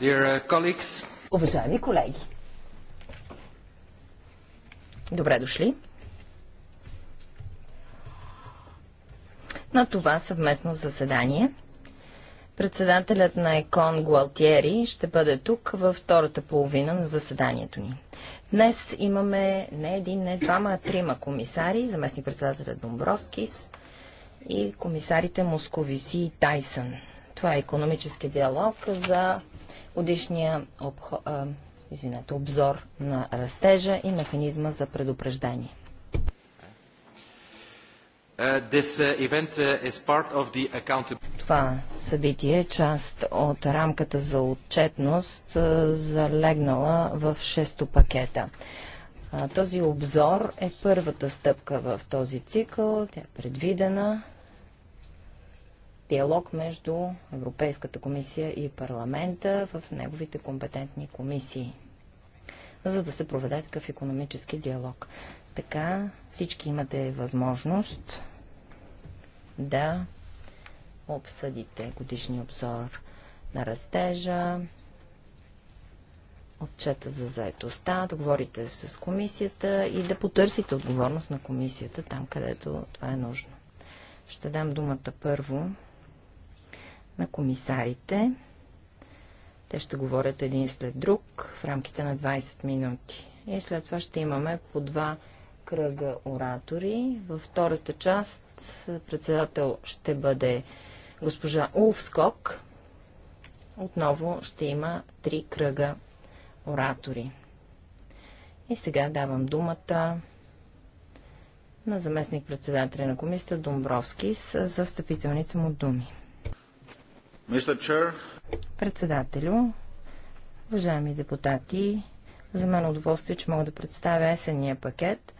Dear uh, colleagues. Уважаеми колеги, добре дошли на това съвместно заседание. Председателят на ЕКОН Гуалтиери ще бъде тук във втората половина на заседанието ни. Днес имаме не един, не двама, а трима комисари, заместни председателят Домбровскис и комисарите Московиси и Тайсън. Това е економически диалог за годишния обхо... а, извинете, обзор на растежа и механизма за предупреждение. Uh, uh, uh, Това събитие е част от рамката за отчетност, залегнала в шесто пакета. Този обзор е първата стъпка в този цикъл. Тя е предвидена диалог между Европейската комисия и парламента в неговите компетентни комисии, за да се проведе такъв економически диалог. Така всички имате възможност да обсъдите годишния обзор на растежа, отчета за заетостта, да говорите с комисията и да потърсите отговорност на комисията там, където това е нужно. Ще дам думата първо на комисарите. Те ще говорят един след друг в рамките на 20 минути. И след това ще имаме по два кръга оратори. Във втората част председател ще бъде госпожа Улфскок. Отново ще има три кръга оратори. И сега давам думата на заместник-председателя на комисията Домбровски за встъпителните му думи. Председателю, уважаеми депутати, за мен е удоволствие, че мога да представя есенния пакет,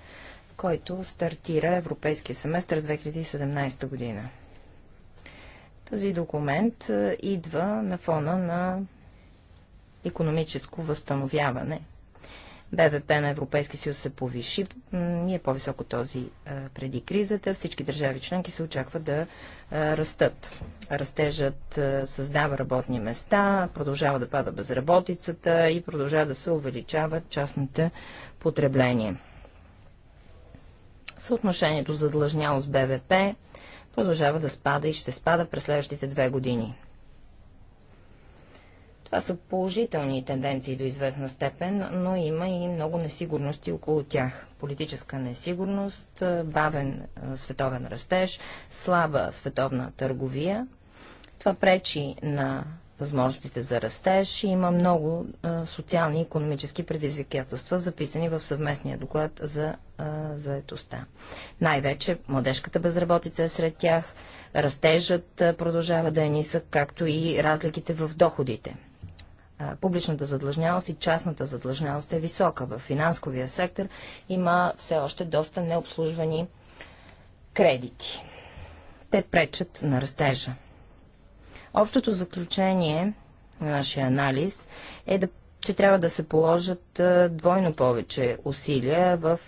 който стартира Европейския семестър 2017 година. Този документ е, идва на фона на економическо възстановяване – БВП на Европейски съюз се повиши и е по-високо този е, преди кризата. Всички държави членки се очаква да е, растат. Растежът е, създава работни места, продължава да пада безработицата и продължава да се увеличава частните потребления. Съотношението за длъжнялост БВП продължава да спада и ще спада през следващите две години. Това са положителни тенденции до известна степен, но има и много несигурности около тях. Политическа несигурност, бавен световен растеж, слаба световна търговия. Това пречи на възможностите за растеж и има много социални и економически предизвикателства, записани в съвместния доклад за заетостта. Най-вече младежката безработица е сред тях, растежът продължава да е нисък, както и разликите в доходите публичната задлъжнялост и частната задлъжнялост е висока. В финансовия сектор има все още доста необслужвани кредити. Те пречат на растежа. Общото заключение на нашия анализ е да че трябва да се положат двойно повече усилия в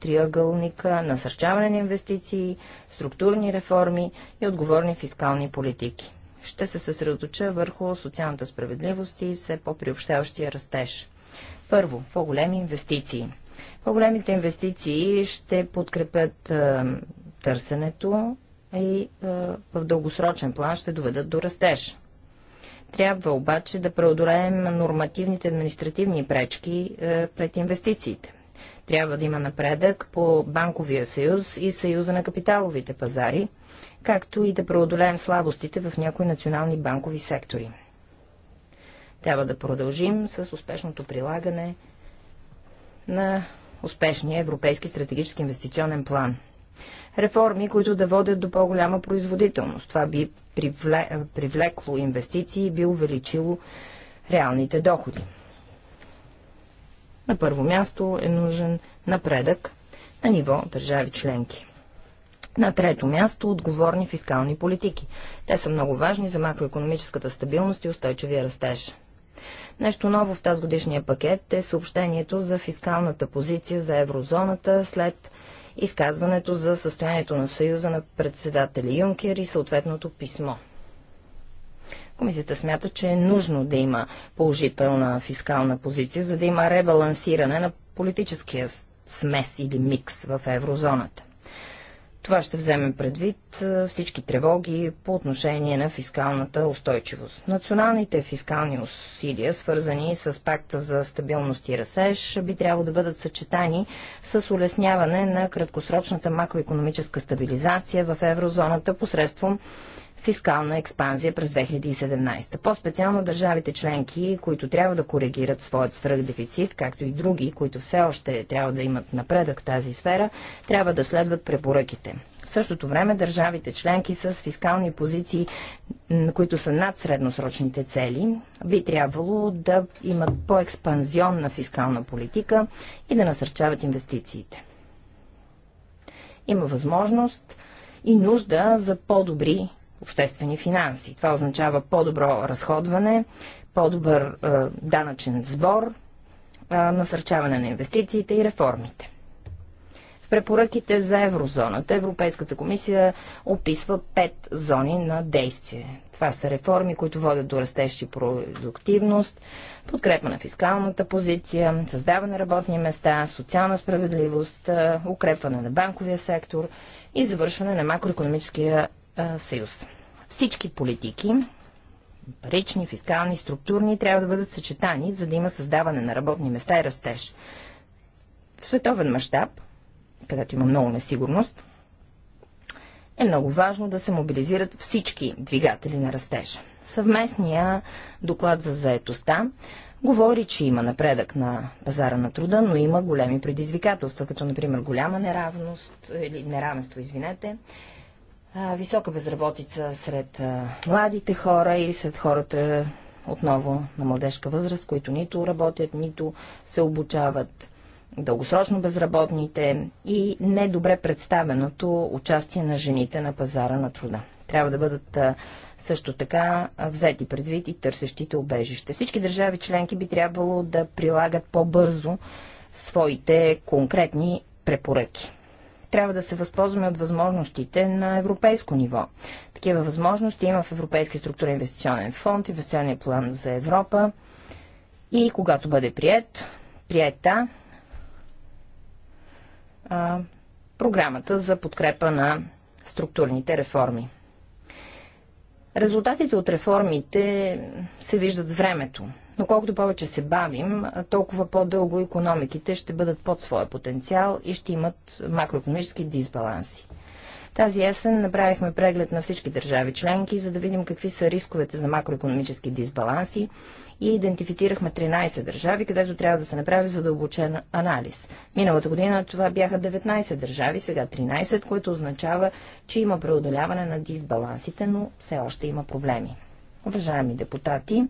триъгълника насърчаване на инвестиции, структурни реформи и отговорни фискални политики ще се съсредоточа върху социалната справедливост и все по-приобщаващия растеж. Първо, по-големи инвестиции. По-големите инвестиции ще подкрепят е, търсенето и е, в дългосрочен план ще доведат до растеж. Трябва обаче да преодолеем нормативните административни пречки е, пред инвестициите. Трябва да има напредък по Банковия съюз и Съюза на капиталовите пазари, както и да преодолеем слабостите в някои национални банкови сектори. Трябва да продължим с успешното прилагане на успешния Европейски стратегически инвестиционен план. Реформи, които да водят до по-голяма производителност. Това би привлекло инвестиции и би увеличило реалните доходи. На първо място е нужен напредък на ниво държави членки. На трето място – отговорни фискални политики. Те са много важни за макроекономическата стабилност и устойчивия растеж. Нещо ново в тази годишния пакет е съобщението за фискалната позиция за еврозоната след изказването за състоянието на Съюза на председателя Юнкер и съответното писмо – Комисията смята, че е нужно да има положителна фискална позиция, за да има ребалансиране на политическия смес или микс в еврозоната. Това ще вземе предвид всички тревоги по отношение на фискалната устойчивост. Националните фискални усилия, свързани с пакта за стабилност и растеж, би трябвало да бъдат съчетани с улесняване на краткосрочната макроекономическа стабилизация в еврозоната посредством фискална експанзия през 2017. По-специално държавите членки, които трябва да коригират своят свръхдефицит, както и други, които все още трябва да имат напредък в тази сфера, трябва да следват препоръките. В същото време държавите членки с фискални позиции, които са над средносрочните цели, би трябвало да имат по-експанзионна фискална политика и да насърчават инвестициите. Има възможност и нужда за по-добри обществени финанси. Това означава по-добро разходване, по-добър е, данъчен сбор, е, насърчаване на инвестициите и реформите. В препоръките за еврозоната Европейската комисия описва пет зони на действие. Това са реформи, които водят до растещи продуктивност, подкрепа на фискалната позиция, създаване на работни места, социална справедливост, е, укрепване на банковия сектор и завършване на макроекономическия съюз. Всички политики, парични, фискални, структурни, трябва да бъдат съчетани, за да има създаване на работни места и растеж. В световен мащаб, където има много несигурност, е много важно да се мобилизират всички двигатели на растеж. Съвместния доклад за заетостта говори, че има напредък на пазара на труда, но има големи предизвикателства, като например голяма неравност или неравенство, извинете, висока безработица сред младите хора или сред хората отново на младежка възраст, които нито работят, нито се обучават дългосрочно безработните и недобре представеното участие на жените на пазара на труда. Трябва да бъдат също така взети предвид и търсещите убежище. Всички държави членки би трябвало да прилагат по-бързо своите конкретни препоръки трябва да се възползваме от възможностите на европейско ниво. Такива възможности има в Европейския структурен инвестиционен фонд, инвестиционния план за Европа и когато бъде прият, приета а, програмата за подкрепа на структурните реформи. Резултатите от реформите се виждат с времето, но колкото повече се бавим, толкова по-дълго економиките ще бъдат под своя потенциал и ще имат макроекономически дисбаланси. Тази есен направихме преглед на всички държави членки, за да видим какви са рисковете за макроекономически дисбаланси и идентифицирахме 13 държави, където трябва да се направи задълбочен анализ. Миналата година това бяха 19 държави, сега 13, което означава, че има преодоляване на дисбалансите, но все още има проблеми. Уважаеми депутати,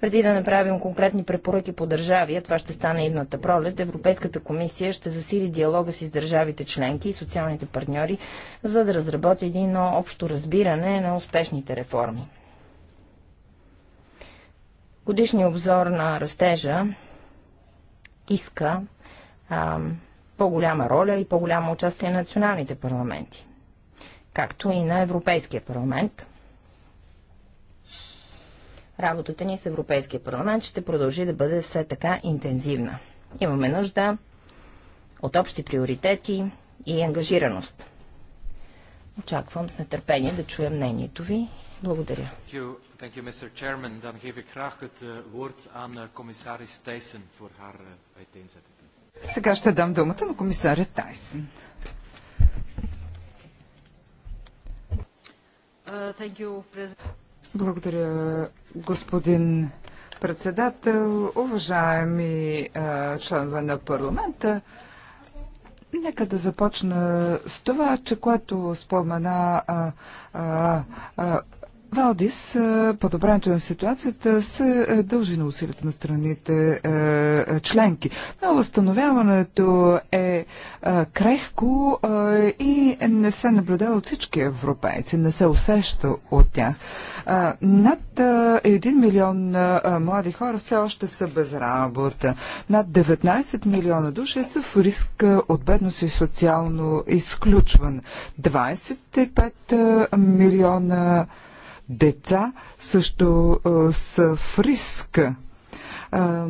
преди да направим конкретни препоръки по държави, а това ще стане едната пролет, Европейската комисия ще засили диалога си с държавите членки и социалните партньори, за да разработи един общо разбиране на успешните реформи. Годишният обзор на растежа иска по-голяма роля и по-голямо участие на националните парламенти, както и на Европейския парламент – Работата ни с Европейския парламент ще продължи да бъде все така интензивна. Имаме нужда от общи приоритети и ангажираност. Очаквам с нетърпение да чуя мнението ви. Благодаря. Сега ще дам думата на комисаря Тайсен. Uh, you, благодаря, господин председател, уважаеми а, членове на парламента. Нека да започна с това, че което спомена а, а, а, Валдис, подобрането на ситуацията се е, дължи на усилията на страните е, е, членки. Но възстановяването е крехко и не се наблюдава от всички европейци, не се усеща от тях. Над 1 милион млади хора все още са без работа. Над 19 милиона души са в риск от бедност и социално изключване. 25 милиона деца също а, са в риска. А,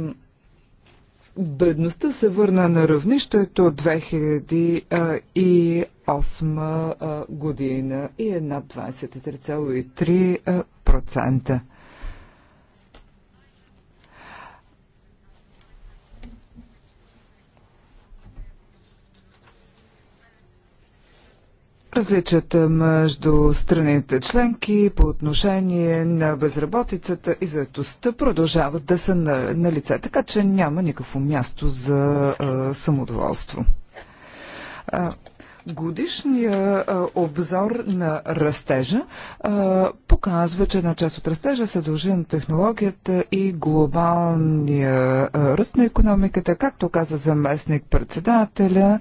бедността се върна на равнището от 2008 година и е над 23,3%. различията между страните членки по отношение на безработицата и заетостта продължават да са на, на лице, така че няма никакво място за а, самодоволство. А, Годишния обзор на растежа а, показва, че една част от растежа се дължи на технологията и глобалния ръст на економиката, както каза заместник председателя. А,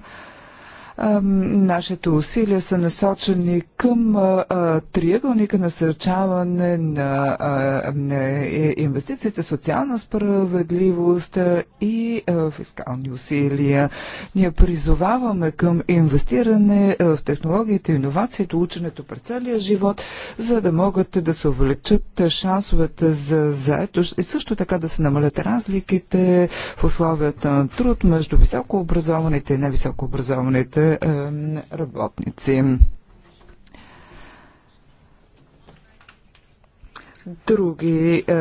Нашите усилия са насочени към триъгълника насърчаване на е, инвестициите, социална справедливост и фискални усилия. Ние призоваваме към инвестиране в технологиите, иновациите, ученето през целия живот, за да могат да се увеличат шансовете за заетост и също така да се намалят разликите в условията на труд между високообразованите и невисокообразованите е, работници. Други е,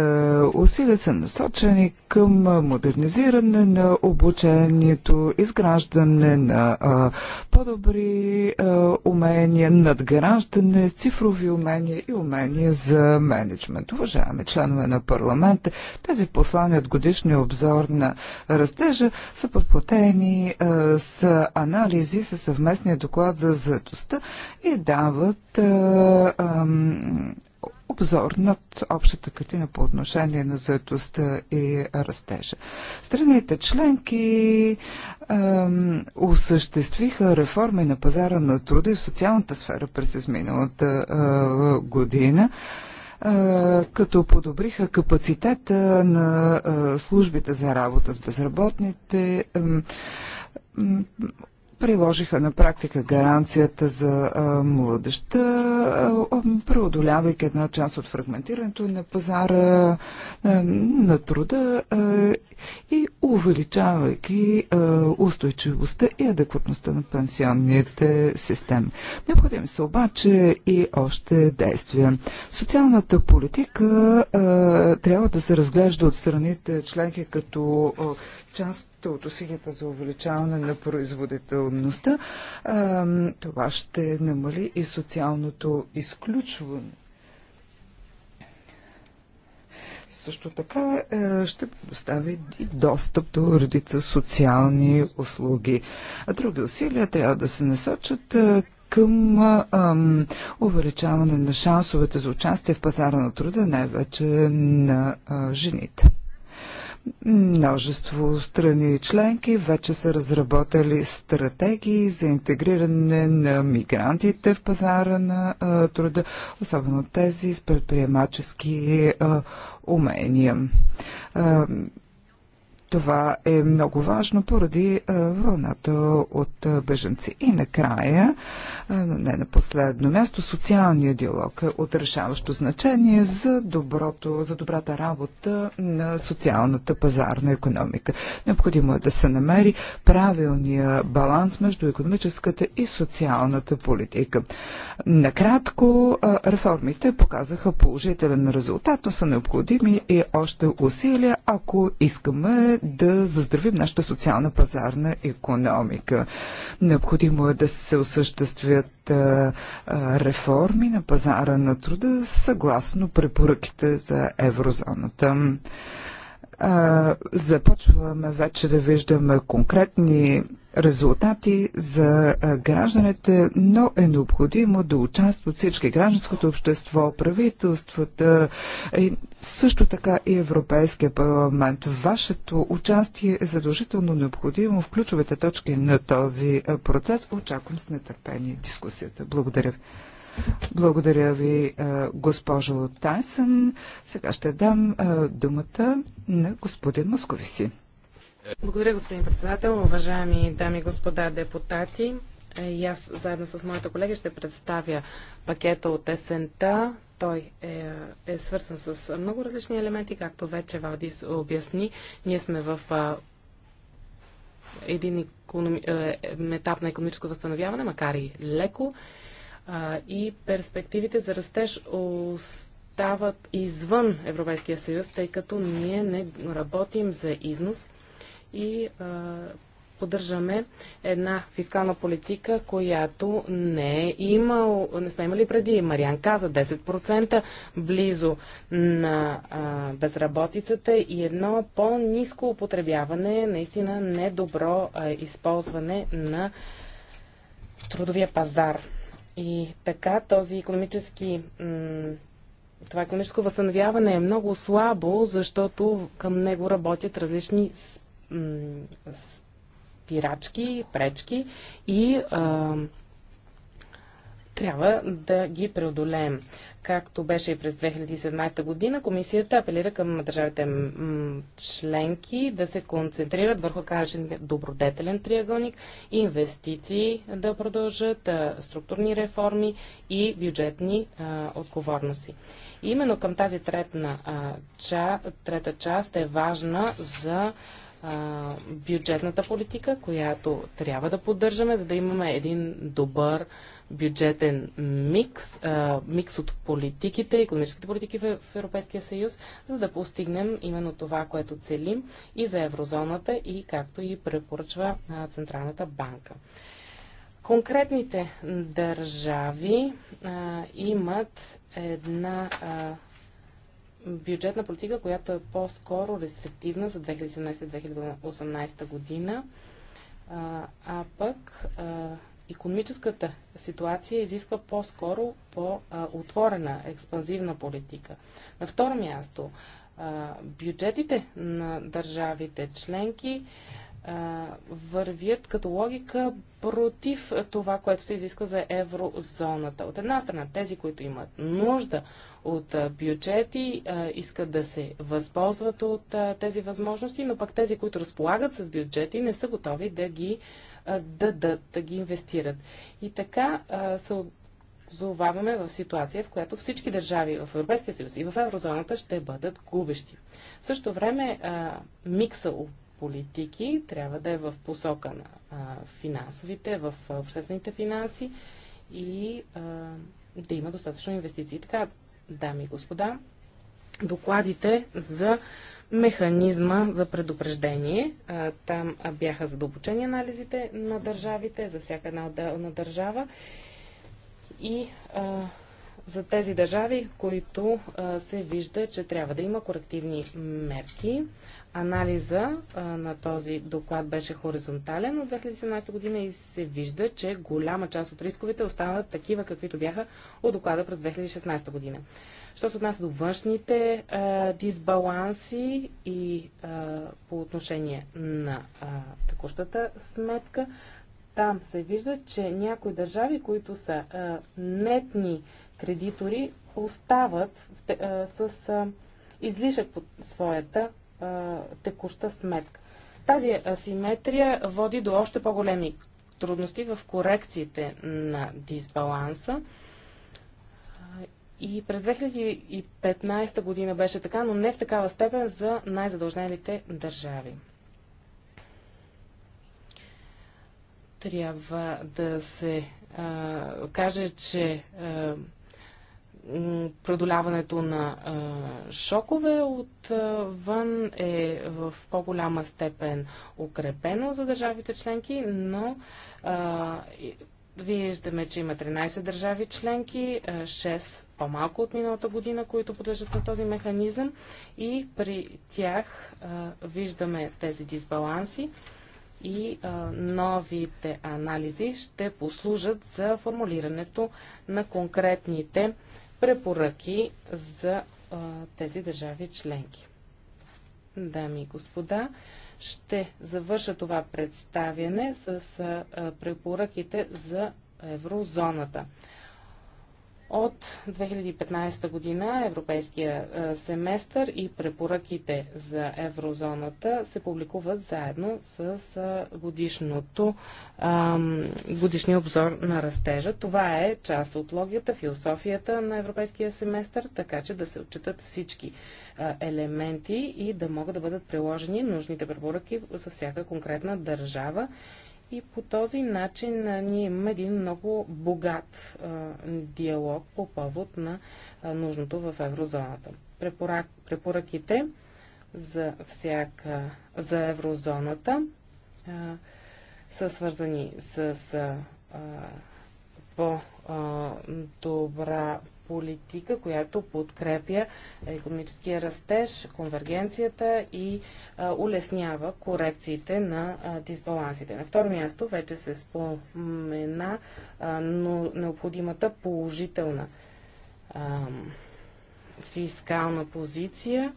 усилия са насочени към е, модернизиране на обучението, изграждане на е, по-добри е, умения, надграждане с цифрови умения и умения за менеджмент. Уважаеми членове на парламента, тези послания от годишния обзор на растежа са подплатени е, с анализи, със съвместния доклад за заедостта и дават е, е, обзор над общата картина по отношение на заедостта и растежа. Страните членки ем, осъществиха реформи на пазара на труда и в социалната сфера през изминалата е, година като подобриха капацитета на службите за работа с безработните, приложиха на практика гаранцията за младеща, преодолявайки една част от фрагментирането на пазара на труда и увеличавайки устойчивостта и адекватността на пенсионните системи. Необходими са обаче и още действия. Социалната политика трябва да се разглежда от страните членки като част от усилията за увеличаване на производителността. Това ще намали и социалното изключване. Също така е, ще предостави и достъп до редица социални услуги. А други усилия трябва да се насочат е, към е, ам, увеличаване на шансовете за участие в пазара на труда, най-вече на а, жените. Множество страни и членки вече са разработали стратегии за интегриране на мигрантите в пазара на а, труда, особено тези с предприемачески а, умения. А, това е много важно поради вълната от беженци. И накрая, не на последно място, социалният диалог е от решаващо значение за, доброто, за добрата работа на социалната пазарна економика. Необходимо е да се намери правилния баланс между економическата и социалната политика. Накратко, реформите показаха положителен резултат, но са необходими и още усилия, ако искаме да заздравим нашата социална пазарна економика. Необходимо е да се осъществят реформи на пазара на труда съгласно препоръките за еврозоната започваме вече да виждаме конкретни резултати за гражданите, но е необходимо да участват всички гражданското общество, правителствата и също така и Европейския парламент. Вашето участие е задължително необходимо в ключовите точки на този процес. Очаквам с нетърпение дискусията. Благодаря ви. Благодаря ви, госпожо Тайсън. Сега ще дам думата на господин Московиси. Благодаря, господин председател. Уважаеми дами и господа депутати, и аз заедно с моите колеги ще представя пакета от есента. Той е, е свързан с много различни елементи, както вече Валдис обясни. Ние сме в а, един економи... Е, е, етап на економическо възстановяване, макар и леко. А, и перспективите за растеж остават извън Европейския съюз, тъй като ние не работим за износ, и поддържаме една фискална политика, която не е имал, не сме имали преди. Мариан каза 10% близо на а, безработицата и едно по-низко употребяване, наистина недобро а, използване на трудовия пазар. И така този економически това економическо възстановяване е много слабо, защото към него работят различни спирачки, пречки и а, трябва да ги преодолеем. Както беше и през 2017 година, комисията апелира към държавите членки да се концентрират върху кажен добродетелен триъгълник, инвестиции да продължат, структурни реформи и бюджетни а, отговорности. И именно към тази третна, а, ча, трета част е важна за бюджетната политика, която трябва да поддържаме, за да имаме един добър бюджетен микс, микс от политиките, економическите политики в, Европейския съюз, за да постигнем именно това, което целим и за еврозоната, и както и препоръчва Централната банка. Конкретните държави имат една бюджетна политика, която е по-скоро рестриктивна за 2017-2018 година, а, а пък а, економическата ситуация изисква по-скоро по-отворена, експанзивна политика. На второ място, бюджетите на държавите членки вървят като логика против това, което се изисква за еврозоната. От една страна, тези, които имат нужда от бюджети, искат да се възползват от тези възможности, но пък тези, които разполагат с бюджети, не са готови да ги дадат, да ги инвестират. И така се Зоваваме в ситуация, в която всички държави в Европейския съюз и в еврозоната ще бъдат губещи. В същото време микса политики трябва да е в посока на а, финансовите, в обществените финанси и а, да има достатъчно инвестиции. Така, дами и господа, докладите за механизма за предупреждение. Там бяха задълбочени анализите на държавите, за всяка една отделна държава. И а, за тези държави, които а, се вижда, че трябва да има корективни мерки, Анализа а, на този доклад беше хоризонтален от 2017 година и се вижда, че голяма част от рисковете останат такива, каквито бяха от доклада през 2016 година. Що се отнася до външните а, дисбаланси и а, по отношение на а, текущата сметка, там се вижда, че някои държави, които са а, нетни кредитори, остават в, а, с а, излишък по своята а, текуща сметка. Тази асиметрия води до още по-големи трудности в корекциите на дисбаланса. И през 2015 година беше така, но не в такава степен за най-задължените държави. Трябва да се а, каже, че а, преодоляването на шокове отвън е в по-голяма степен укрепено за държавите членки, но виждаме, че има 13 държави членки, 6 по-малко от миналата година, които подлежат на този механизъм и при тях а, виждаме тези дисбаланси и а, новите анализи ще послужат за формулирането на конкретните препоръки за а, тези държави членки. Дами и господа, ще завърша това представяне с а, препоръките за еврозоната. От 2015 година Европейския семестър и препоръките за еврозоната се публикуват заедно с годишното, годишния обзор на растежа. Това е част от логията, философията на Европейския семестър, така че да се отчитат всички елементи и да могат да бъдат приложени нужните препоръки за всяка конкретна държава и по този начин ние имаме един много богат а, диалог по повод на а, нужното в еврозоната. Препорак, препоръките за, всяка, за еврозоната а, са свързани с а, по-добра политика, която подкрепя економическия растеж, конвергенцията и улеснява корекциите на дисбалансите. На второ място вече се спомена но необходимата положителна фискална позиция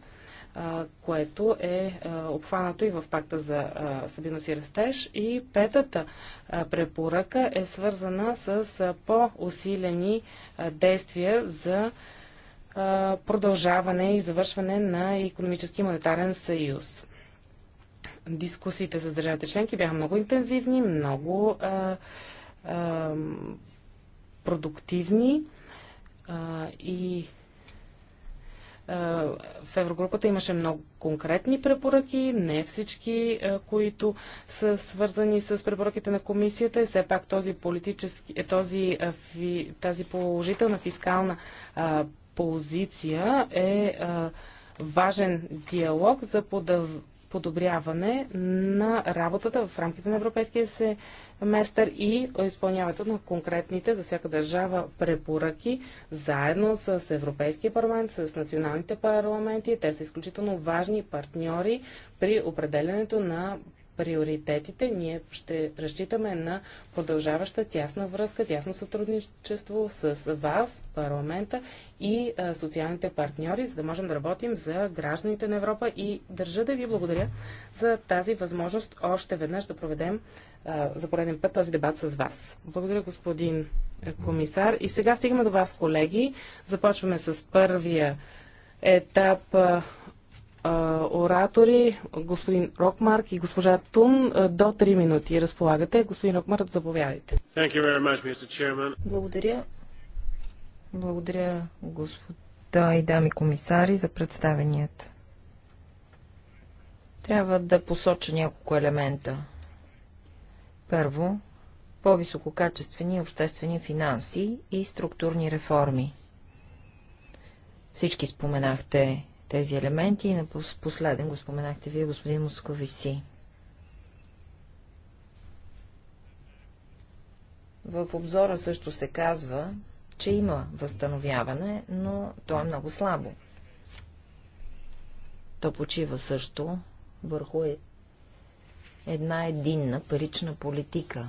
което е обхванато и в пакта за стабилност и растеж. И петата препоръка е свързана с по-усилени действия за продължаване и завършване на економически и монетарен съюз. Дискусиите с държавите членки бяха много интензивни, много а, а, продуктивни а, и е, в Еврогрупата имаше много конкретни препоръки, не всички, е, които са свързани с препоръките на комисията. И все пак този политически, е, този, тази положителна фискална позиция е важен диалог за подобряване на работата в рамките на европейския семестър и изпълняването на конкретните за всяка държава препоръки, заедно с Европейския парламент, с националните парламенти. Те са изключително важни партньори при определенето на приоритетите, ние ще разчитаме на продължаваща тясна връзка, тясно сътрудничество с вас, парламента и а, социалните партньори, за да можем да работим за гражданите на Европа. И държа да ви благодаря за тази възможност още веднъж да проведем а, за пореден път този дебат с вас. Благодаря, господин комисар. И сега стигаме до вас, колеги. Започваме с първия етап оратори, господин Рокмарк и госпожа Тун, до 3 минути. Разполагате. Господин Рокмарк, заповядайте. Much, Благодаря. Благодаря, господа и дами комисари, за представенията. Трябва да посоча няколко елемента. Първо, по-висококачествени обществени финанси и структурни реформи. Всички споменахте тези елементи и на последен го споменахте вие, господин Московиси. В обзора също се казва, че има възстановяване, но то е много слабо. То почива също върху е-, една единна парична политика.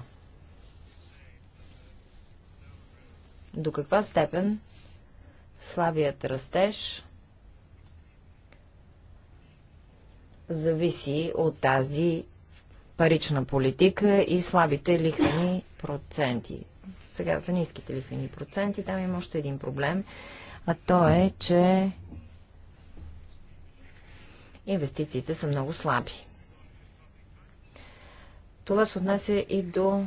До каква степен слабият растеж зависи от тази парична политика и слабите лихвени проценти. Сега са ниските лихвени проценти, там има още един проблем, а то е, че инвестициите са много слаби. Това се отнася и до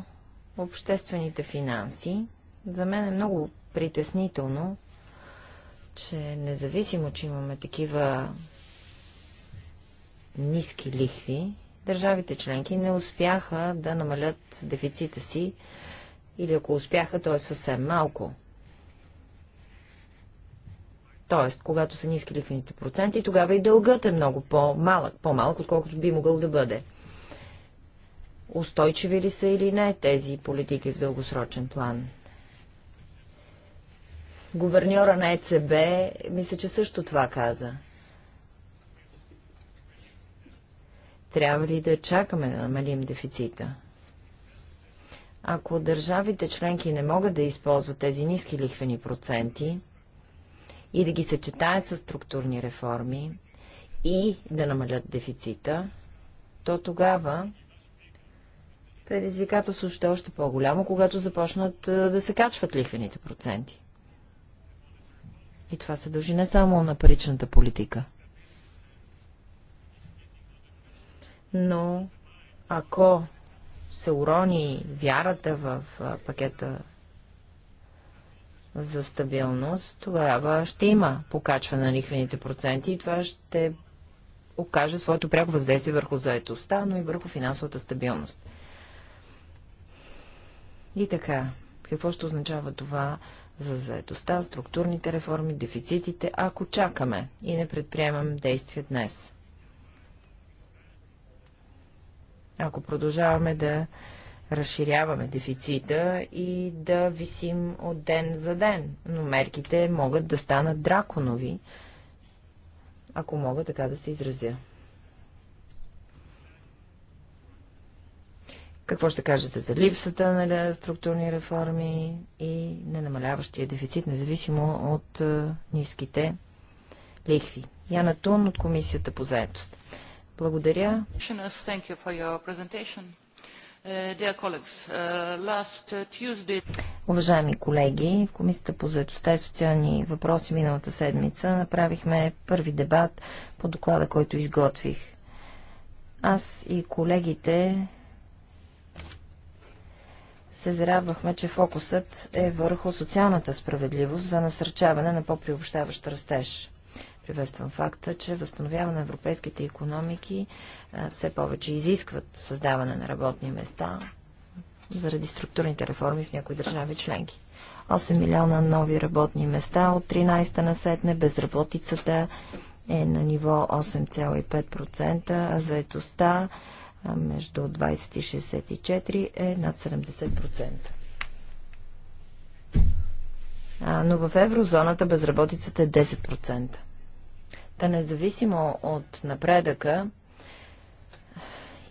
обществените финанси. За мен е много притеснително, че независимо, че имаме такива ниски лихви, държавите членки не успяха да намалят дефицита си или ако успяха, то е съвсем малко. Тоест, когато са ниски лихвените проценти, тогава и дългът е много по-малък, по-малък, отколкото би могъл да бъде. Устойчиви ли са или не тези политики в дългосрочен план? Говерньора на ЕЦБ, мисля, че също това каза. Трябва ли да чакаме да намалим дефицита? Ако държавите членки не могат да използват тези ниски лихвени проценти и да ги съчетаят с структурни реформи и да намалят дефицита, то тогава предизвикателство ще е още по-голямо, когато започнат да се качват лихвените проценти. И това се дължи не само на паричната политика. но ако се урони вярата в пакета за стабилност, тогава ще има покачване на лихвените проценти и това ще окаже своето пряко въздействие върху заетостта, но и върху финансовата стабилност. И така, какво ще означава това за заетостта, структурните реформи, дефицитите, ако чакаме и не предприемам действия днес? ако продължаваме да разширяваме дефицита и да висим от ден за ден. Но мерките могат да станат драконови, ако мога така да се изразя. Какво ще кажете за липсата на структурни реформи и ненамаляващия дефицит, независимо от ниските лихви? Яна Тун от Комисията по заедост. Благодаря. Uh, uh, uh, Уважаеми колеги, в Комисията по заедостта и социални въпроси миналата седмица направихме първи дебат по доклада, който изготвих. Аз и колегите се зарадвахме, че фокусът е върху социалната справедливост за насърчаване на по-приобщаващ растеж. Приветствам факта, че възстановяване на европейските економики все повече изискват създаване на работни места заради структурните реформи в някои държави членки. 8 милиона нови работни места от 13-та на сетне, безработицата е на ниво 8,5%, а заетостта между 20 и 64 е над 70%. А, но в еврозоната безработицата е 10%. Та независимо от напредъка,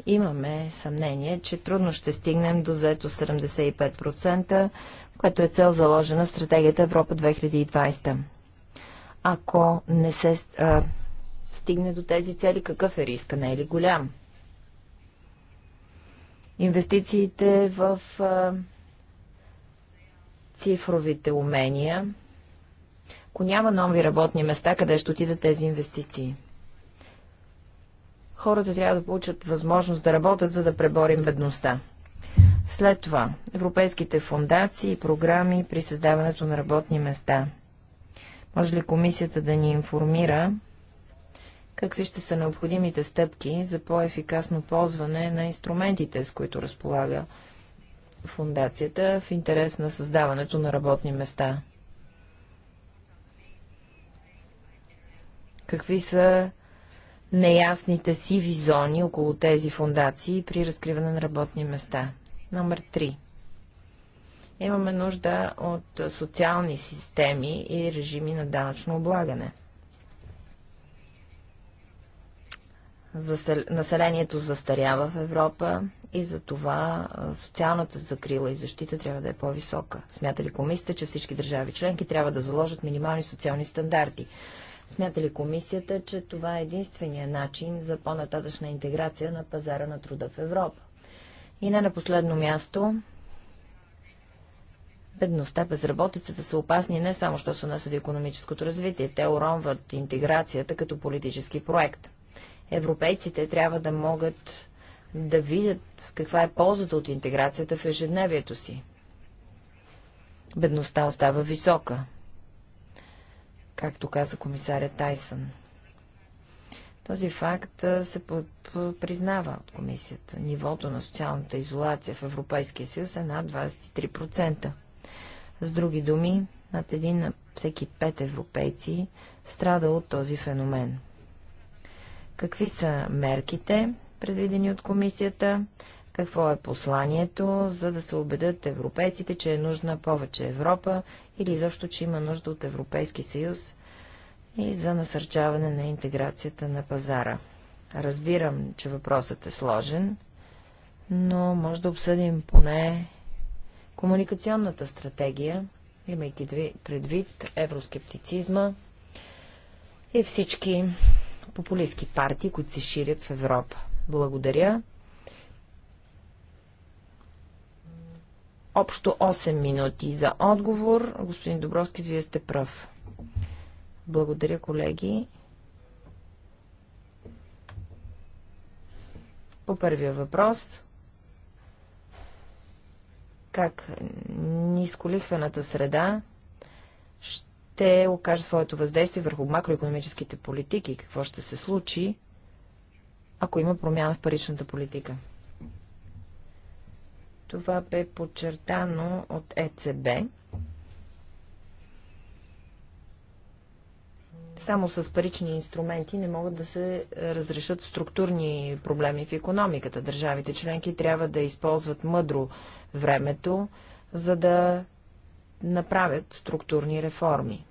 имаме съмнение, че трудно ще стигнем до заето 75%, което е цел заложена в стратегията Европа 2020. Ако не се а, стигне до тези цели, какъв е риска? Не е ли голям? Инвестициите в а, цифровите умения ако няма нови работни места, къде ще отидат тези инвестиции? Хората трябва да получат възможност да работят, за да преборим бедността. След това, европейските фундации и програми при създаването на работни места. Може ли комисията да ни информира какви ще са необходимите стъпки за по-ефикасно ползване на инструментите, с които разполага фундацията в интерес на създаването на работни места? какви са неясните сиви зони около тези фундации при разкриване на работни места. Номер 3. Имаме нужда от социални системи и режими на данъчно облагане. Населението застарява в Европа и за това социалната закрила и защита трябва да е по-висока. Смята ли комисията, че всички държави членки трябва да заложат минимални социални стандарти? Смята ли комисията, че това е единствения начин за по-нататъчна интеграция на пазара на труда в Европа? И не на последно място, бедността, безработицата са опасни не само, що се отнася економическото развитие. Те уронват интеграцията като политически проект. Европейците трябва да могат да видят каква е ползата от интеграцията в ежедневието си. Бедността остава висока както каза комисаря Тайсън. Този факт се признава от комисията. Нивото на социалната изолация в Европейския съюз е над 23%. С други думи, над един на всеки пет европейци страда от този феномен. Какви са мерките, предвидени от комисията? Какво е посланието, за да се убедят европейците, че е нужна повече Европа или изобщо, че има нужда от Европейски съюз и за насърчаване на интеграцията на пазара? Разбирам, че въпросът е сложен, но може да обсъдим поне комуникационната стратегия, имайки предвид евроскептицизма и всички популистски партии, които се ширят в Европа. Благодаря. общо 8 минути за отговор. Господин Добровски, вие сте прав. Благодаря, колеги. По първия въпрос. Как нисколихвената среда ще окаже своето въздействие върху макроекономическите политики? Какво ще се случи, ако има промяна в паричната политика? Това бе подчертано от ЕЦБ. Само с парични инструменти не могат да се разрешат структурни проблеми в економиката. Държавите членки трябва да използват мъдро времето, за да направят структурни реформи.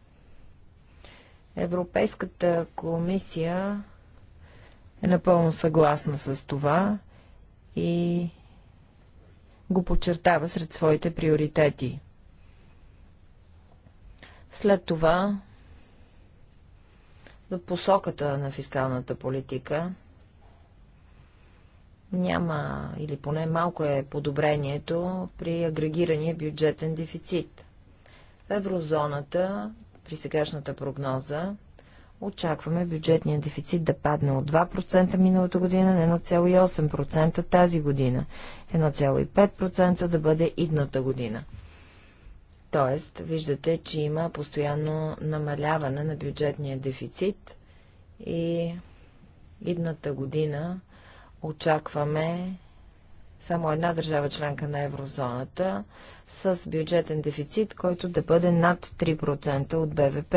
Европейската комисия е напълно съгласна с това и го подчертава сред своите приоритети. След това за посоката на фискалната политика няма или поне малко е подобрението при агрегирания бюджетен дефицит. В еврозоната при сегашната прогноза Очакваме бюджетния дефицит да падне от 2% миналата година на 1,8% тази година, 1,5% да бъде идната година. Тоест, виждате, че има постоянно намаляване на бюджетния дефицит и идната година очакваме само една държава членка на еврозоната с бюджетен дефицит, който да бъде над 3% от БВП.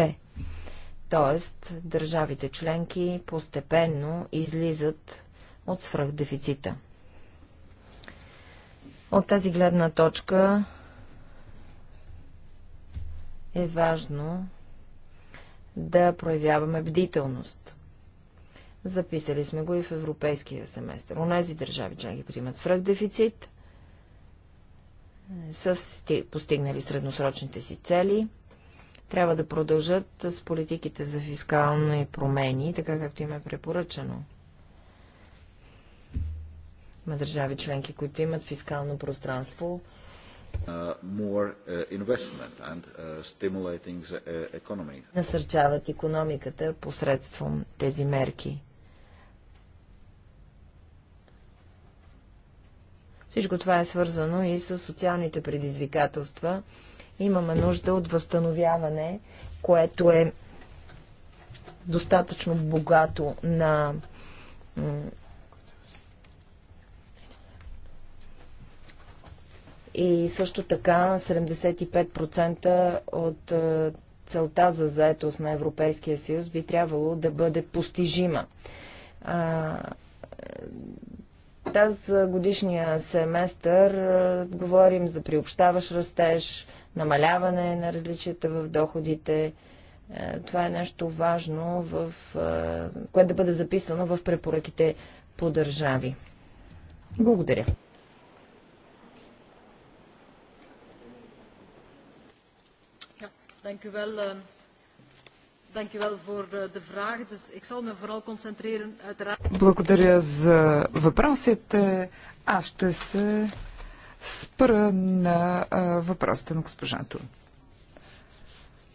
Т.е. държавите членки постепенно излизат от свръхдефицита. От тази гледна точка е важно да проявяваме бдителност. Записали сме го и в европейския семестър. Онези държави членки приемат свръхдефицит, са постигнали средносрочните си цели – трябва да продължат с политиките за фискални промени, така както им е препоръчано. Има държави членки, които имат фискално пространство. Uh, uh, uh, Насърчават економиката посредством тези мерки. Всичко това е свързано и с социалните предизвикателства, Имаме нужда от възстановяване, което е достатъчно богато на и също така 75% от е, целта за заетост на Европейския съюз би трябвало да бъде постижима. Тази годишния семестър говорим за приобщаваш растеж, намаляване на различията в доходите. Е, това е нещо важно, в, е, което да бъде записано в препоръките по държави. Благодаря. Ehm, eh, Благодаря за въпросите. Аз ще се спра на въпросите на госпожа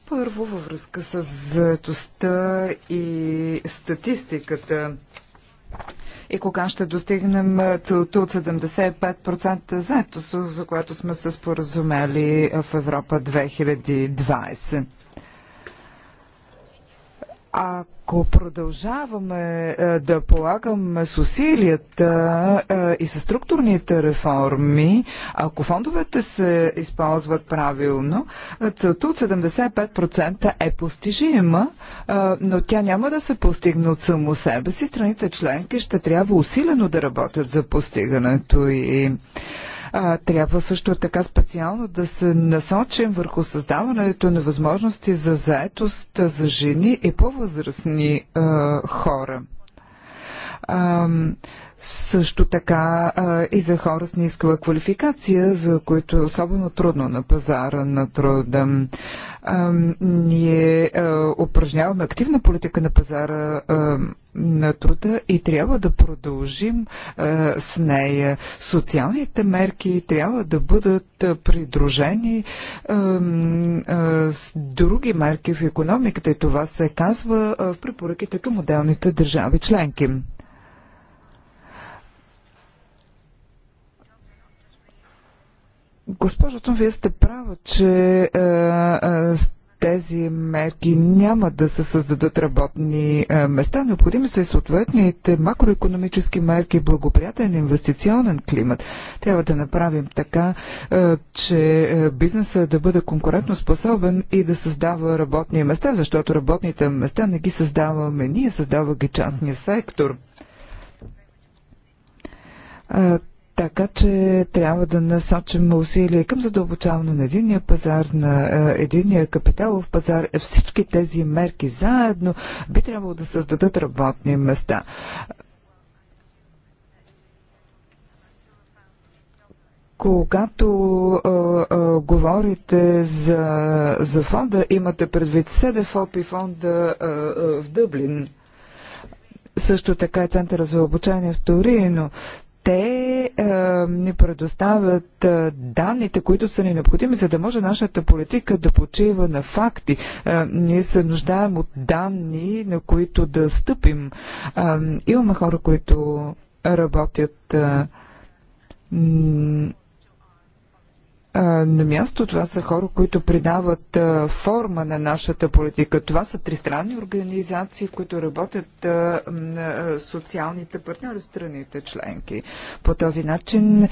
Първо, във връзка с заедостта и статистиката и кога ще достигнем целта от 75% заедост, за която сме се споразумели в Европа 2020. Ако продължаваме е, да полагаме с усилията е, и с структурните реформи, ако фондовете се използват правилно, е, целта от 75% е постижима, но тя няма да се постигне от само себе си. Страните членки ще трябва усилено да работят за постигането и а, трябва също така специално да се насочим върху създаването на възможности за заетост за жени и по-възрастни хора също така а, и за хора с ниска квалификация, за които е особено трудно на пазара на труда. А, ние а, упражняваме активна политика на пазара а, на труда и трябва да продължим а, с нея. Социалните мерки трябва да бъдат придружени а, а, с други мерки в економиката и това се казва а, в препоръките към отделните държави членки. Госпожото, вие сте права, че е, е, тези мерки няма да се създадат работни е, места. Необходими са и съответните макроекономически мерки, благоприятен инвестиционен климат. Трябва да направим така, че бизнесът да бъде конкурентно способен и да създава работни места, защото работните места не ги създаваме ние, създава ги частния сектор така че трябва да насочим усилия към задълбочаване на единия пазар, на е, единия капиталов пазар. Всички тези мерки заедно би трябвало да създадат работни места. Когато а, е, а, е, говорите за, за фонда, имате предвид СДФОП и фонда а, а, в Дъблин. Също така е Центъра за обучение в Торино те е, ни предоставят е, данните, които са ни необходими, за да може нашата политика да почива на факти. Е, ние се нуждаем от данни, на които да стъпим. Е, имаме хора, които работят. Е, на място. Това са хора, които придават форма на нашата политика. Това са тристранни организации, които работят на социалните партньори, страните членки. По този начин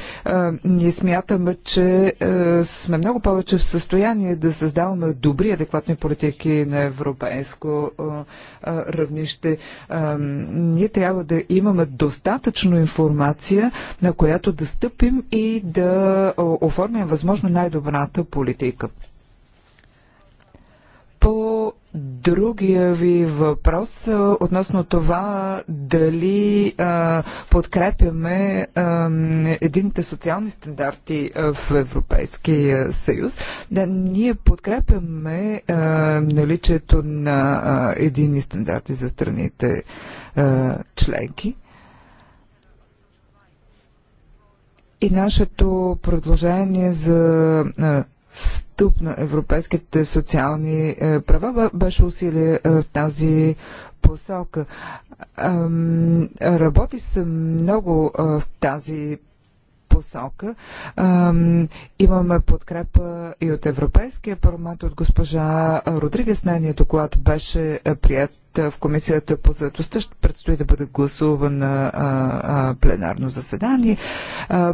ние смятаме, че сме много повече в състояние да създаваме добри, адекватни политики на европейско равнище. Ние трябва да имаме достатъчно информация, на която да стъпим и да оформим възможност възможно най-добрата политика. По другия ви въпрос относно това дали а, подкрепяме а, едините социални стандарти в Европейския съюз. Да, ние подкрепяме а, наличието на а, едини стандарти за страните а, членки. И нашето предложение за стъп на европейските социални е, права беше усилие е, в тази посока. Работи се много е, в тази посока. Имаме подкрепа и от Европейския парламент, от госпожа Родригес, нейният доклад беше е, прият е, в Комисията по заедостта. Ще предстои да бъде гласувана пленарно заседание.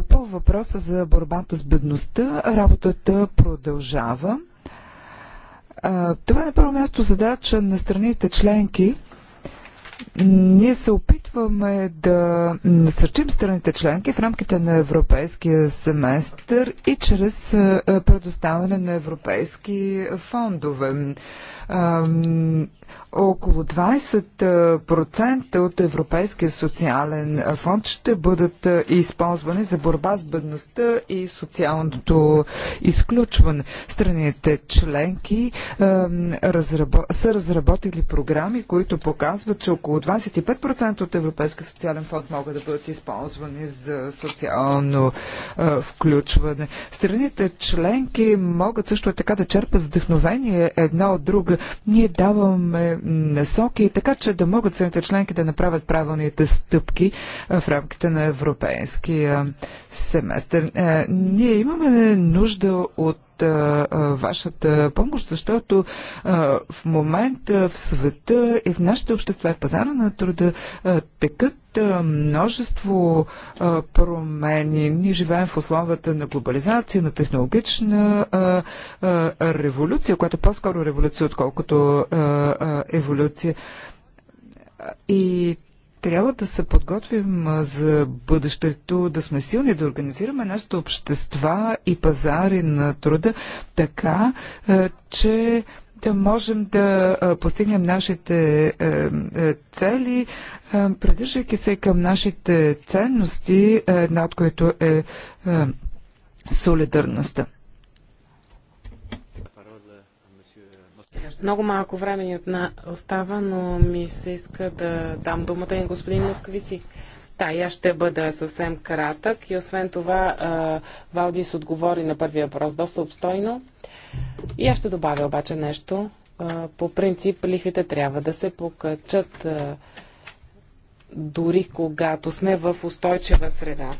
По въпроса за борбата с бедността, работата продължава. Това е на първо място задача на страните членки ние се опитваме да насърчим страните членки в рамките на европейския семестър и чрез предоставяне на европейски фондове. Около 20% от Европейския социален фонд ще бъдат използвани за борба с бедността и социалното изключване. Страните членки са разработили програми, които показват, че около 25% от Европейския социален фонд могат да бъдат използвани за социално включване. Страните членки могат също така да черпят вдъхновение една от друга. Ние даваме имаме насоки, така че да могат страните членки да направят правилните стъпки в рамките на европейския семестър. Е, ние имаме нужда от от а, вашата помощ, защото а, в момента в света и в нашите общества и в пазара на труда а, текат множество а, промени. Ние живеем в условията на глобализация, на технологична а, а, революция, която е по-скоро революция, отколкото а, а, еволюция. И трябва да се подготвим за бъдещето, да сме силни, да организираме нашите общества и пазари на труда така, че да можем да постигнем нашите цели, придържайки се към нашите ценности, една от които е солидарността. Много малко време ни отна... остава, но ми се иска да дам думата и господин Московиси. Да, я ще бъда съвсем кратък и освен това Валдис отговори на първия въпрос доста обстойно. И аз ще добавя обаче нещо. по принцип лихвите трябва да се покачат дори когато сме в устойчива среда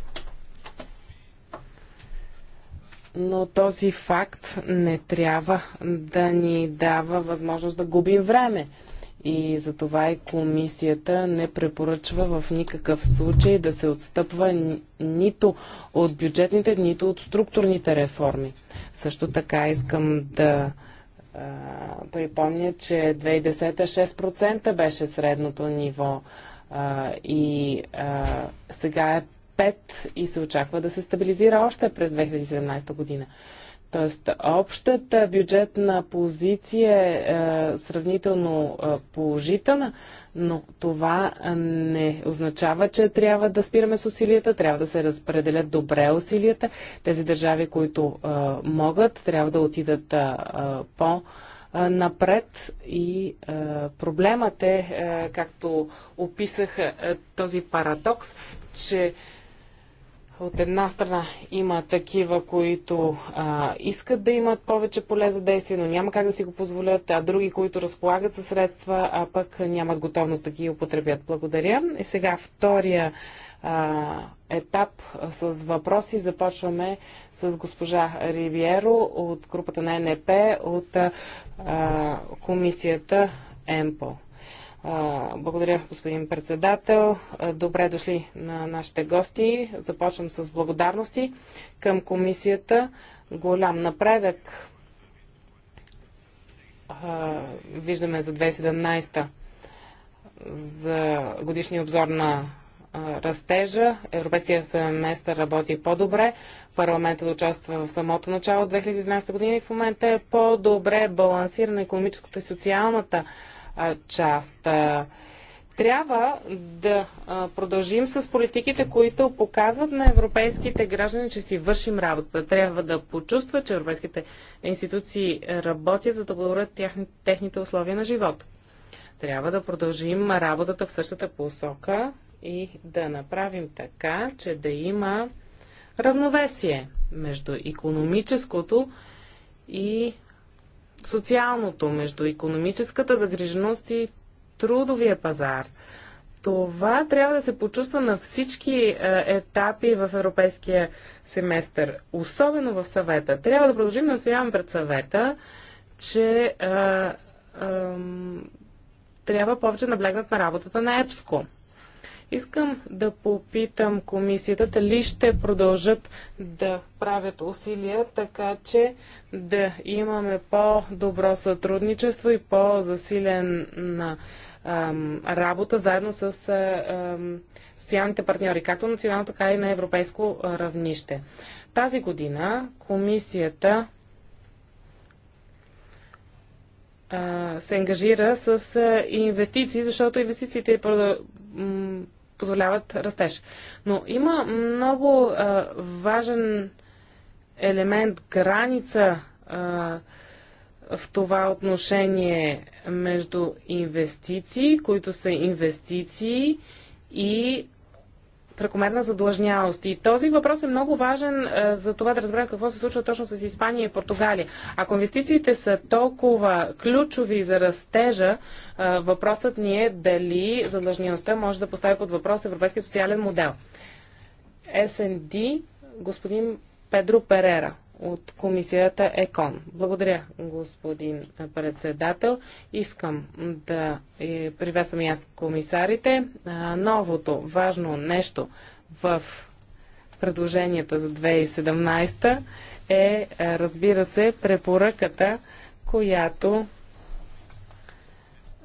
но този факт не трябва да ни дава възможност да губим време. И затова и комисията не препоръчва в никакъв случай да се отстъпва нито от бюджетните, нито от структурните реформи. Също така искам да а, припомня, че 2010 6% беше средното ниво а, и а, сега е 5 и се очаква да се стабилизира още през 2017 година. Тоест, общата бюджетна позиция е, е сравнително е, положителна, но това не означава, че трябва да спираме с усилията, трябва да се разпределят добре усилията. Тези държави, които е, могат, трябва да отидат е, е по- напред и е, проблемът е, е, както описах е, този парадокс, че от една страна има такива, които а, искат да имат повече поле за действие, но няма как да си го позволят, а други, които разполагат със средства, а пък нямат готовност да ги употребят. Благодаря. И сега втория а, етап с въпроси. Започваме с госпожа Ривиеро от групата на НЕП от а, комисията ЕМПО. Благодаря, господин председател. Добре дошли на нашите гости. Започвам с благодарности към комисията. Голям напредък виждаме за 2017 за годишния обзор на растежа. Европейския семестър работи по-добре. Парламентът участва в самото начало от 2011 година и в момента е по-добре балансирана економическата и социалната част. Трябва да продължим с политиките, които показват на европейските граждани, че си вършим работа. Трябва да почувстват, че европейските институции работят, за да благодарят техните условия на живот. Трябва да продължим работата в същата посока и да направим така, че да има равновесие между економическото и социалното, между економическата загриженост и трудовия пазар. Това трябва да се почувства на всички е, етапи в европейския семестър, особено в съвета. Трябва да продължим да настояваме пред съвета, че а, е, а, трябва повече наблегнат на работата на ЕПСКО. Искам да попитам комисията дали ще продължат да правят усилия, така че да имаме по-добро сътрудничество и по-засилена работа заедно с социалните партньори, както национално, така и на европейско равнище. Тази година комисията се ангажира с инвестиции, защото инвестициите позволяват растеж. Но има много а, важен елемент, граница а, в това отношение между инвестиции, които са инвестиции и прекомерна задлъжнялост. И този въпрос е много важен а, е, за това да разберем какво се случва точно с Испания и Португалия. Ако инвестициите са толкова ключови за растежа, а, е, въпросът ни е дали задлъжнялостта може да постави под въпрос европейския социален модел. СНД, господин Педро Перера от комисията ЕКОН. Благодаря, господин председател. Искам да е, приветствам и аз комисарите. Новото важно нещо в предложенията за 2017 е, разбира се, препоръката, която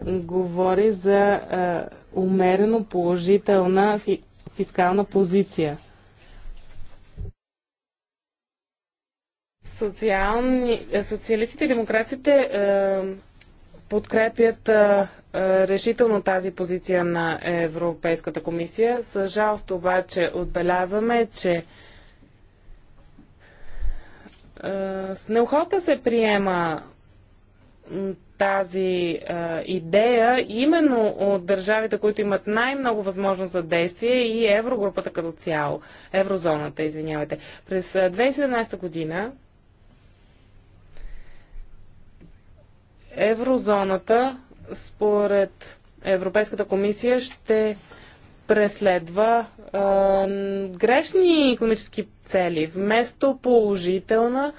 говори за умерено положителна фискална позиция – Социални, е, социалистите и демокраците е, подкрепят е, е, решително тази позиция на Европейската комисия. С жалост обаче отбелязваме, че е, с неохота се приема тази е, идея именно от държавите, които имат най-много възможност за действие и еврогрупата като цяло, еврозоната, извинявайте. През 2017 е, година Еврозоната, според Европейската комисия, ще преследва а, грешни економически цели. Вместо положителна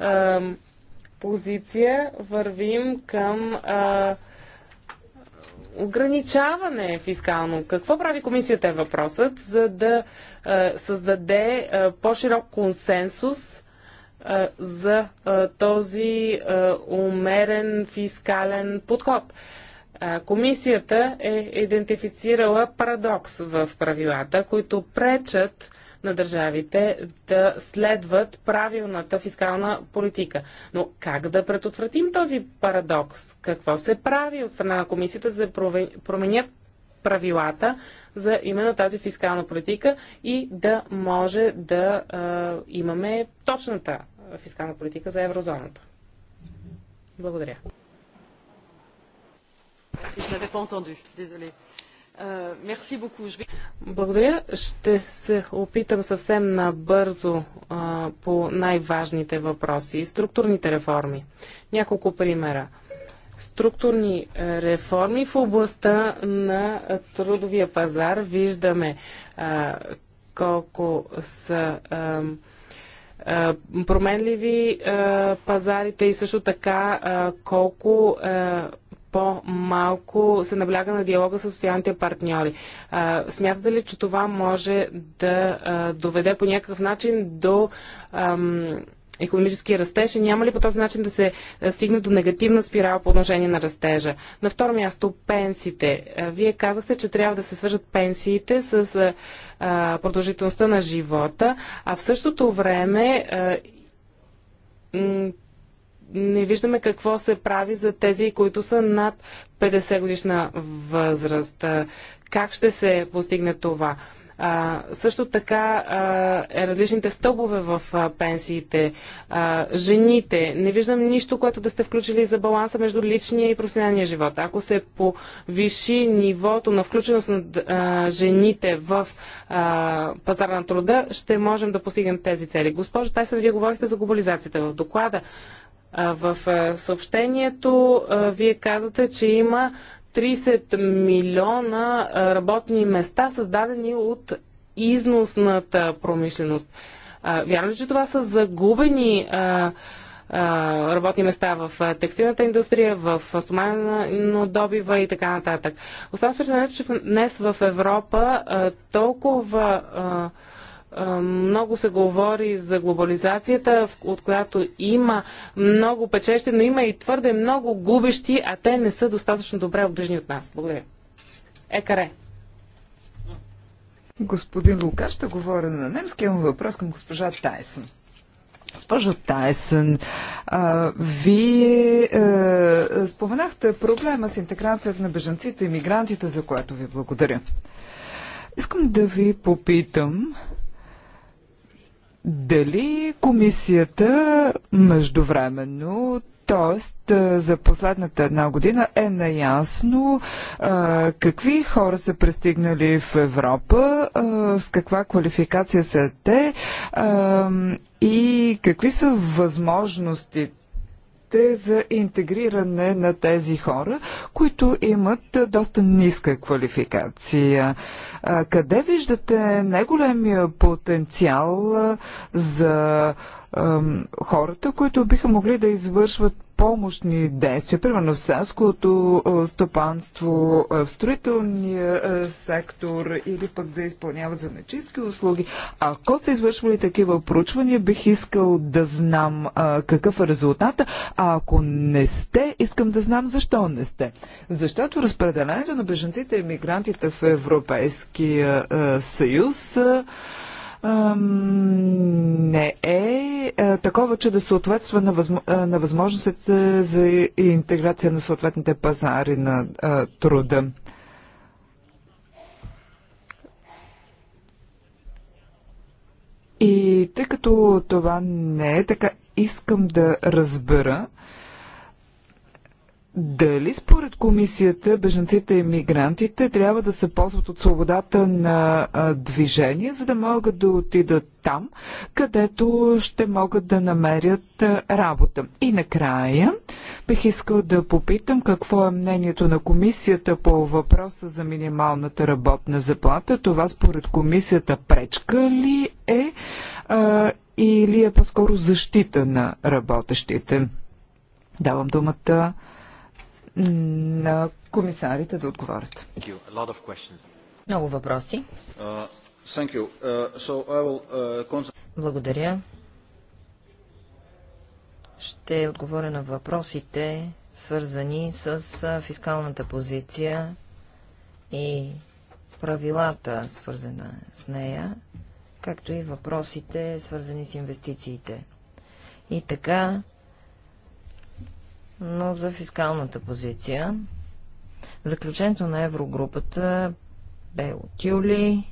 а, позиция вървим към а, ограничаване фискално. Какво прави комисията е въпросът, за да а, създаде а, по-широк консенсус за този умерен фискален подход. Комисията е идентифицирала парадокс в правилата, които пречат на държавите да следват правилната фискална политика. Но как да предотвратим този парадокс? Какво се прави от страна на комисията за да променят правилата за именно тази фискална политика и да може да а, имаме точната фискална политика за еврозоната. Благодаря. Euh, Благодаря. Ще се опитам съвсем набързо а, по най-важните въпроси. Структурните реформи. Няколко примера структурни е, реформи в областта на е, трудовия пазар. Виждаме а, е, колко са а, а, променливи а, пазарите и също така а, колко а, по-малко се набляга на диалога с социалните партньори. А, смятате ли, че това може да а, доведе по някакъв начин до ам, економически растеж и няма ли по този начин да се стигне до негативна спирала по отношение на растежа? На второ място, пенсиите. Вие казахте, че трябва да се свържат пенсиите с продължителността на живота, а в същото време не виждаме какво се прави за тези, които са над 50 годишна възраст. Как ще се постигне това? А, също така а, е различните стълбове в а, пенсиите, а, жените. Не виждам нищо, което да сте включили за баланса между личния и професионалния живот. Ако се повиши нивото на включеност на а, жените в а, пазар на труда, ще можем да постигнем тези цели. Госпожо Тайсън, вие говорихте за глобализацията в доклада. В съобщението вие казвате, че има 30 милиона работни места, създадени от износната промишленост. Вярно ли, че това са загубени работни места в текстилната индустрия, в стоманено добива и така нататък. Оставам с че днес в Европа а, толкова е, много се говори за глобализацията, от която има много печещи, но има и твърде много губещи, а те не са достатъчно добре обгрижни от нас. Благодаря. Екаре. Господин Лука, ще говоря на немски. Имам въпрос към госпожа Тайсън. Госпожо Тайсън, а, вие а, е, споменахте проблема с интеграцията на бежанците и мигрантите, за което ви благодаря. Искам да ви попитам, дали комисията междувременно т.е. за последната една година е наясно а, какви хора са пристигнали в Европа, а, с каква квалификация са те а, и какви са възможностите мерките за интегриране на тези хора, които имат доста ниска квалификация. Къде виждате най-големия потенциал за хората, които биха могли да извършват помощни действия, примерно в селското стопанство, в строителния сектор или пък да изпълняват заначистки услуги. Ако са извършвали такива проучвания, бих искал да знам какъв е резултата, а ако не сте, искам да знам защо не сте. Защото разпределението на беженците и мигрантите в Европейския съюз не е, е такова, че да съответства на, е, на възможностите за интеграция на съответните пазари на е, труда. И тъй като това не е така, искам да разбера дали според комисията бежанците и мигрантите трябва да се ползват от свободата на движение, за да могат да отидат там, където ще могат да намерят работа? И накрая бих искал да попитам какво е мнението на комисията по въпроса за минималната работна заплата. Това според комисията пречка ли е а, или е по-скоро защита на работещите? Давам думата на комисарите да отговорят. Много въпроси. Uh, uh, uh, Благодаря. Ще отговоря на въпросите, свързани с фискалната позиция и правилата, свързана с нея, както и въпросите, свързани с инвестициите. И така, но за фискалната позиция, заключението на еврогрупата бе от юли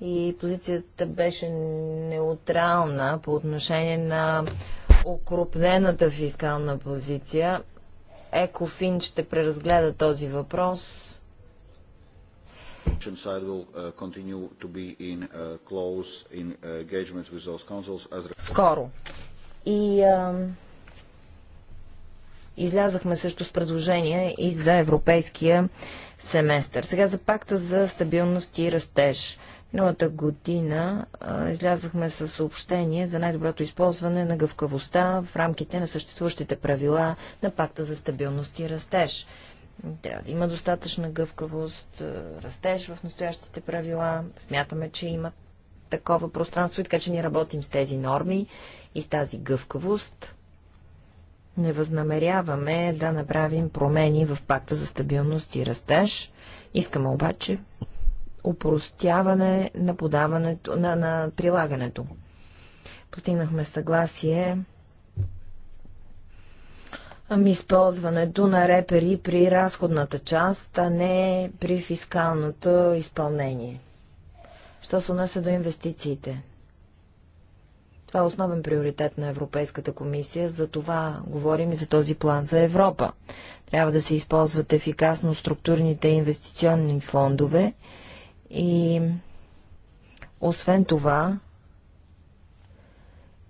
и позицията беше неутрална по отношение на окрупнената фискална позиция. Екофин ще преразгледа този въпрос скоро. И излязахме също с предложение и за европейския семестър. Сега за пакта за стабилност и растеж. Миналата година а, излязахме с съобщение за най-доброто използване на гъвкавостта в рамките на съществуващите правила на пакта за стабилност и растеж. Трябва да има достатъчна гъвкавост, е, растеж в настоящите правила. Смятаме, че има такова пространство и така, че ние работим с тези норми и с тази гъвкавост. Не възнамеряваме да направим промени в пакта за стабилност и растеж. Искаме обаче упростяване на, подаването, на, на прилагането. Постигнахме съгласие Ами, използването на репери при разходната част, а не при фискалното изпълнение. Що се отнася до инвестициите? Това е основен приоритет на Европейската комисия, за това говорим и за този план за Европа. Трябва да се използват ефикасно структурните инвестиционни фондове и освен това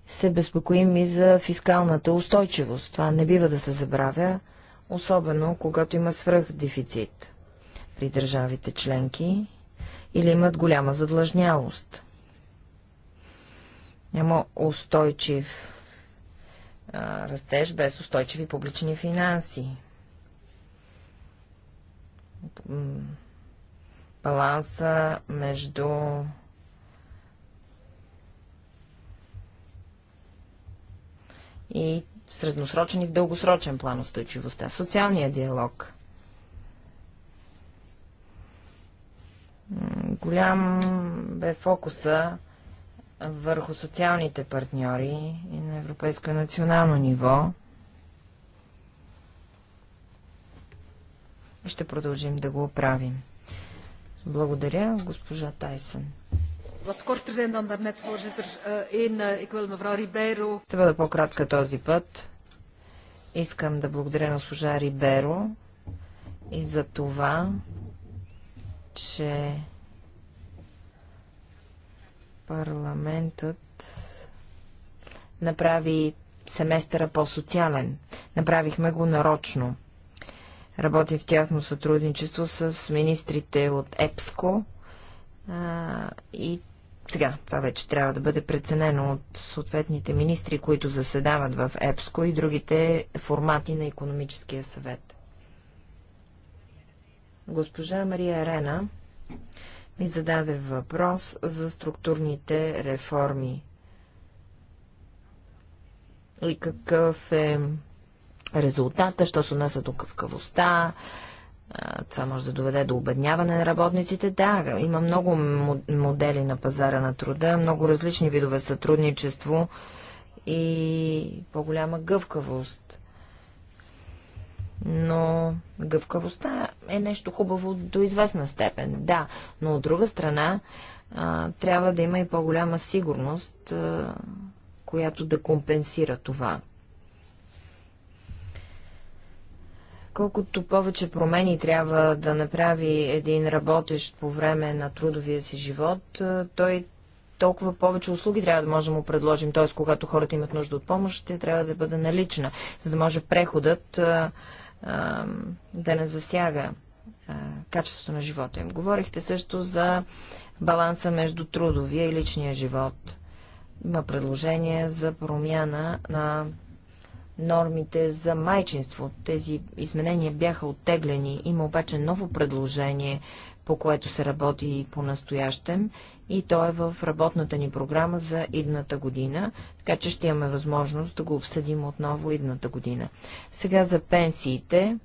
се безпокоим и за фискалната устойчивост. Това не бива да се забравя, особено когато има свръхдефицит при държавите членки или имат голяма задлъжнялост. Няма устойчив а, растеж без устойчиви публични финанси. Баланса между и в средносрочен и в дългосрочен план устойчивостта. Социалния диалог. Голям бе фокуса върху социалните партньори и на европейско и национално ниво. Ще продължим да го оправим. Благодаря, госпожа Тайсън wat korter zijn dan daarnet, voorzitter. Eén, eh, uh, eh, uh, ik wil mevrouw Ribeiro... Ще бъда по-кратка този път. Искам да благодаря на госпожа Риберо и за това, че парламентът направи семестъра по-социален. Направихме го нарочно. Работи в тясно сътрудничество с министрите от ЕПСКО а, и сега, това вече трябва да бъде преценено от съответните министри, които заседават в ЕПСКО и другите формати на економическия съвет. Госпожа Мария Арена ми зададе въпрос за структурните реформи. И какъв е резултата, що се отнася до къвкавостта това може да доведе до обедняване на работниците. Да, има много модели на пазара на труда, много различни видове сътрудничество и по-голяма гъвкавост. Но гъвкавостта е нещо хубаво до известна степен, да, но от друга страна а, трябва да има и по-голяма сигурност, а, която да компенсира това. Колкото повече промени трябва да направи един работещ по време на трудовия си живот, е, той толкова повече услуги трябва да можем да му предложим. Т.е. когато хората имат нужда от помощ, тя трябва да бъде налична, за да може преходът а, е, а, е, да не засяга а, качеството на живота им. Говорихте също за баланса между трудовия и личния живот. Има предложение за промяна на нормите за майчинство. Тези изменения бяха оттеглени. Има обаче ново предложение, по което се работи и по-настоящем, и то е в работната ни програма за идната година, така че ще имаме възможност да го обсъдим отново идната година. Сега за пенсиите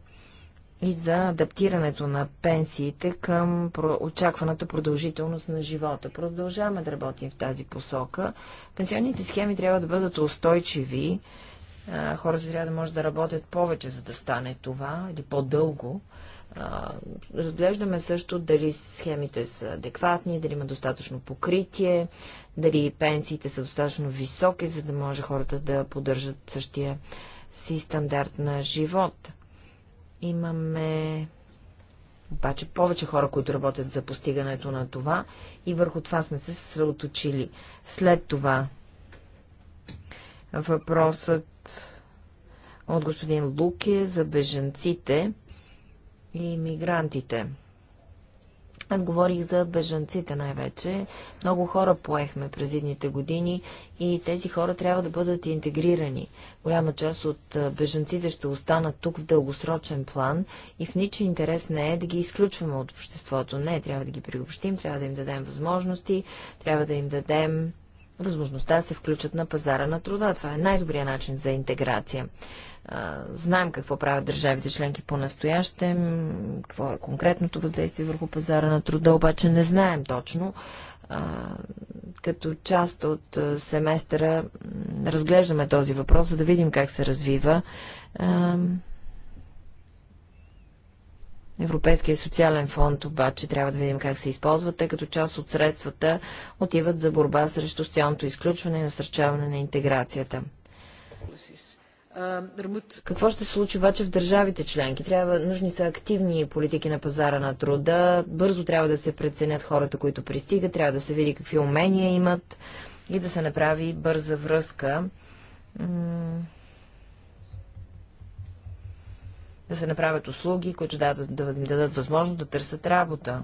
и за адаптирането на пенсиите към очакваната продължителност на живота. Продължаваме да работим в тази посока. Пенсионните схеми трябва да бъдат устойчиви, хората трябва да може да работят повече, за да стане това, или по-дълго. Разглеждаме също дали схемите са адекватни, дали има достатъчно покритие, дали пенсиите са достатъчно високи, за да може хората да поддържат същия си стандарт на живот. Имаме обаче повече хора, които работят за постигането на това и върху това сме се съсредоточили. След това въпросът от господин Луки за бежанците и мигрантите. Аз говорих за бежанците най-вече. Много хора поехме през едните години и тези хора трябва да бъдат интегрирани. Голяма част от бежанците ще останат тук в дългосрочен план и в ничи интерес не е да ги изключваме от обществото. Не, трябва да ги приобщим, трябва да им дадем възможности, трябва да им дадем възможността да се включат на пазара на труда. Това е най-добрият начин за интеграция. Знаем какво правят държавите членки по-настоящем, какво е конкретното въздействие върху пазара на труда, обаче не знаем точно. Като част от семестъра разглеждаме този въпрос, за да видим как се развива Европейския социален фонд обаче трябва да видим как се използват, тъй като част от средствата отиват за борба срещу социалното изключване и насърчаване на интеграцията. Какво ще се случи обаче в държавите членки? Трябва, нужни са активни политики на пазара на труда, бързо трябва да се преценят хората, които пристигат, трябва да се види какви умения имат и да се направи бърза връзка да се направят услуги, които дадат, да им дадат възможност да търсят работа.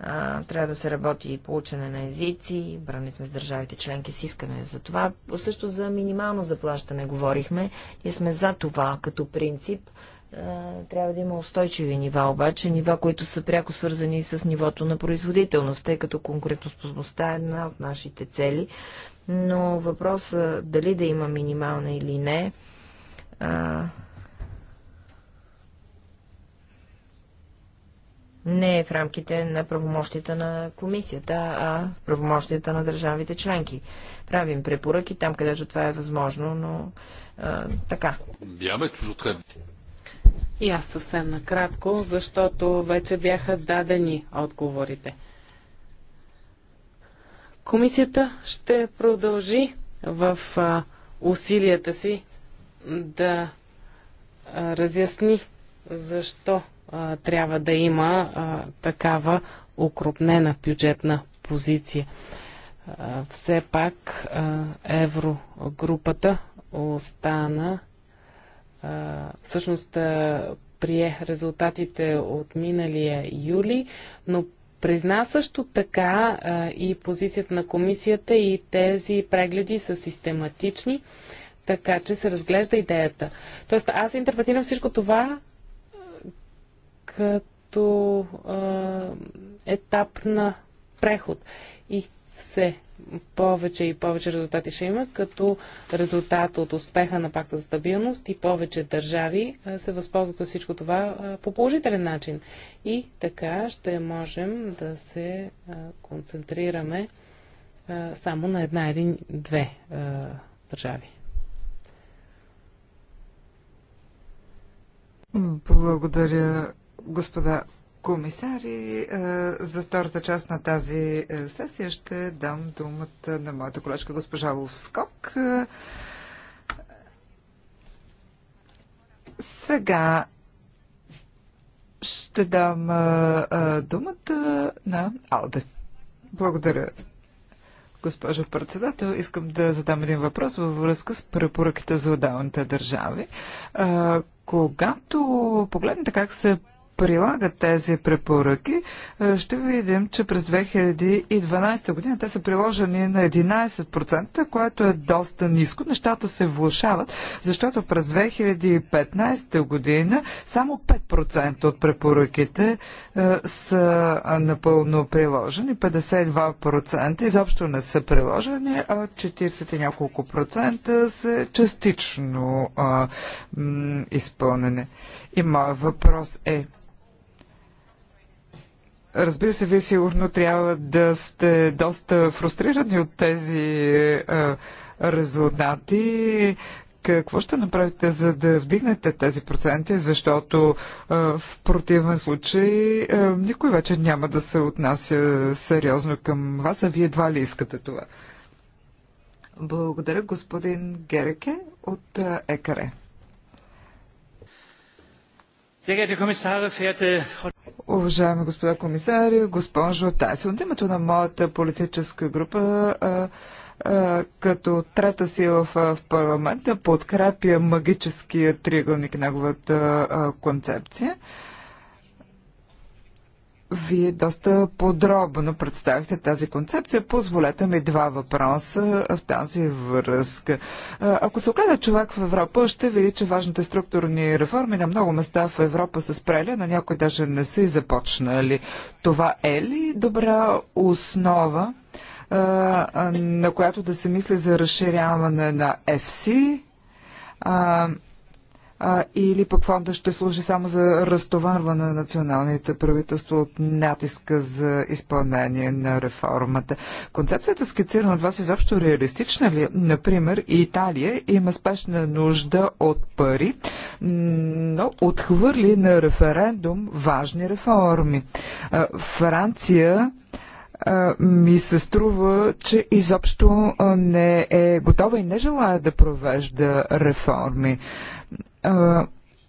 А, трябва да се работи и получене на езици, брани сме с държавите членки с искане за това. Също за минимално заплащане говорихме. Ние сме за това като принцип. А, трябва да има устойчиви нива, обаче нива, които са пряко свързани с нивото на производителност, тъй като конкурентоспособността е една от нашите цели. Но въпросът дали да има минимална или не, а, не е в рамките на правомощията на комисията, а в правомощията на държавите членки. Правим препоръки там, където това е възможно, но а, така. И аз съвсем накратко, защото вече бяха дадени отговорите. Комисията ще продължи в а, усилията си да а, разясни защо трябва да има а, такава укрупнена бюджетна позиция. А, все пак а, еврогрупата остана а, всъщност а, прие резултатите от миналия юли, но призна също така а, и позицията на комисията и тези прегледи са систематични, така че се разглежда идеята. Тоест аз интерпретирам всичко това като а, етап на преход. И все повече и повече резултати ще има, като резултат от успеха на пакта за стабилност и повече държави се възползват от всичко това по положителен начин. И така ще можем да се концентрираме само на една или две държави. Благодаря, Господа комисари, е, за втората част на тази е, сесия ще дам думата на моята колежка госпожа Ловскок. Е, сега ще дам думата на Алде. Благодаря, госпожо председател. Искам да задам един въпрос във връзка с препоръките за отдалните държави. Когато погледнете как се прилагат тези препоръки, е, ще видим, че през 2012 година те са приложени на 11%, което е доста ниско. Нещата се влушават, защото през 2015 година само 5% от препоръките е, са напълно приложени, 52% изобщо не са приложени, а 40 и няколко процента са частично изпълнени. И моят въпрос е, Разбира се, вие сигурно трябва да сте доста фрустрирани от тези резултати. Какво ще направите, за да вдигнете тези проценти, защото а, в противен случай а, никой вече няма да се отнася сериозно към вас, а вие едва ли искате това? Благодаря, господин Гереке от ЕКАРЕ. Sehr geehrte Kommissare, verehrte Frau Уважаеми господа комисари, госпожо Таси, от името на моята политическа група а, а, като трета сила в, в парламента подкрепя магическия триъгълник, неговата а, концепция. Вие доста подробно представихте тази концепция. Позволете ми два въпроса в тази връзка. Ако се огледа човек в Европа, ще види, че важните структурни реформи на много места в Европа са спрели, на някои даже не са и започнали. Това е ли добра основа, на която да се мисли за разширяване на ЕФСИ? а, или пък фонда ще служи само за разтоварване на националните правителства от натиска за изпълнение на реформата. Концепцията скицирана от вас изобщо реалистична ли? Например, Италия има спешна нужда от пари, но отхвърли на референдум важни реформи. А, Франция ми се струва, че изобщо не е готова и не желая да провежда реформи.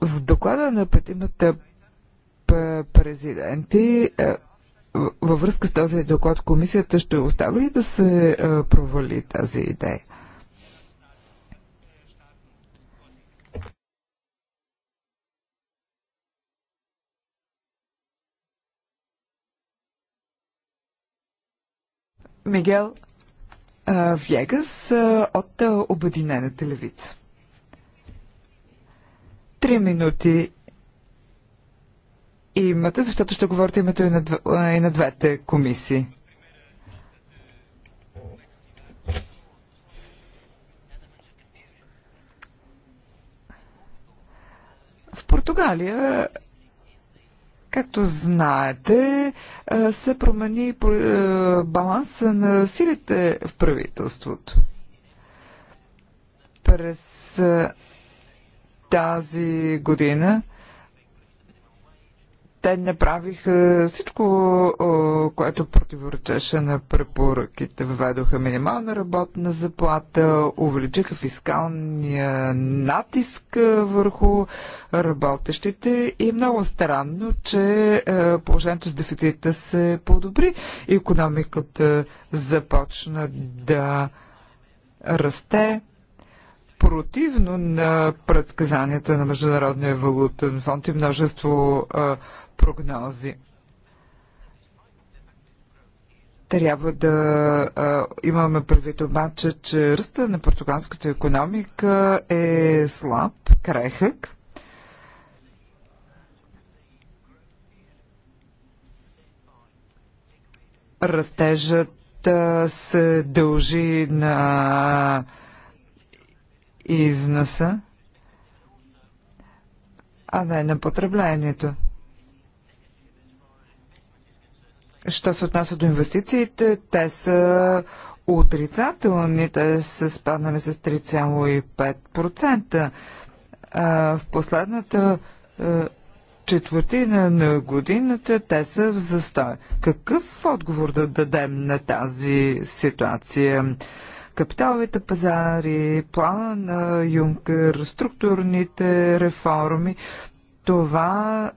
В доклада на петимата президенти във връзка с този доклад комисията ще остави ли да се провали тази идея? Мигел Вегас от Обединената левица. Три минути имате, защото ще говорите името и на, и на двете комисии. В Португалия, както знаете, се промени баланса на силите в правителството. През тази година те направиха всичко, което противоречеше на препоръките. Въведоха минимална работна заплата, увеличиха фискалния натиск върху работещите и е много странно, че положението с дефицита се подобри. Економиката започна да расте противно на предсказанията на Международния валутен фонд и множество а, прогнози. Трябва да а, имаме предвид обаче, че ръста на португалската економика е слаб, крехък. Растежът се дължи на износа, а не на потреблението. Що се отнася до инвестициите, те са отрицателни, те са спаднали с 3,5%. В последната четвъртина на годината те са в застой. Какъв отговор да дадем на тази ситуация? капиталовите пазари, плана на Юнкер, структурните реформи. Това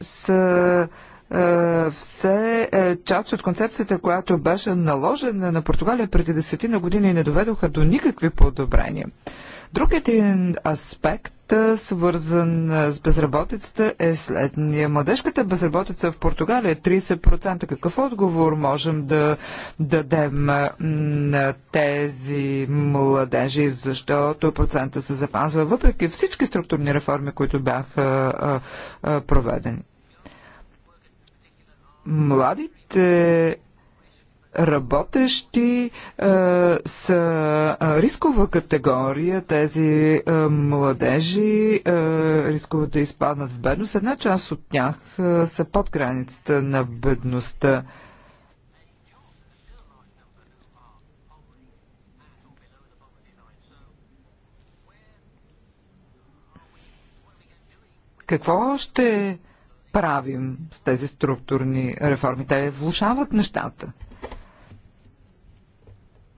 са е, все е, част от концепцията, която беше наложена на Португалия преди десетина години и не доведоха до никакви подобрения. Другият аспект свързан с безработицата, е следния. Младежката безработица в Португалия е 30%. Какъв отговор можем да дадем на тези младежи, защото процента се запазва, въпреки всички структурни реформи, които бяха проведени? Младите работещи е, а, а, е, рискова категория. Тези а, е, младежи а, рискуват да изпаднат в бедност. Една част от тях а, са под границата на бедността. Какво ще правим с тези структурни реформи? Те влушават нещата.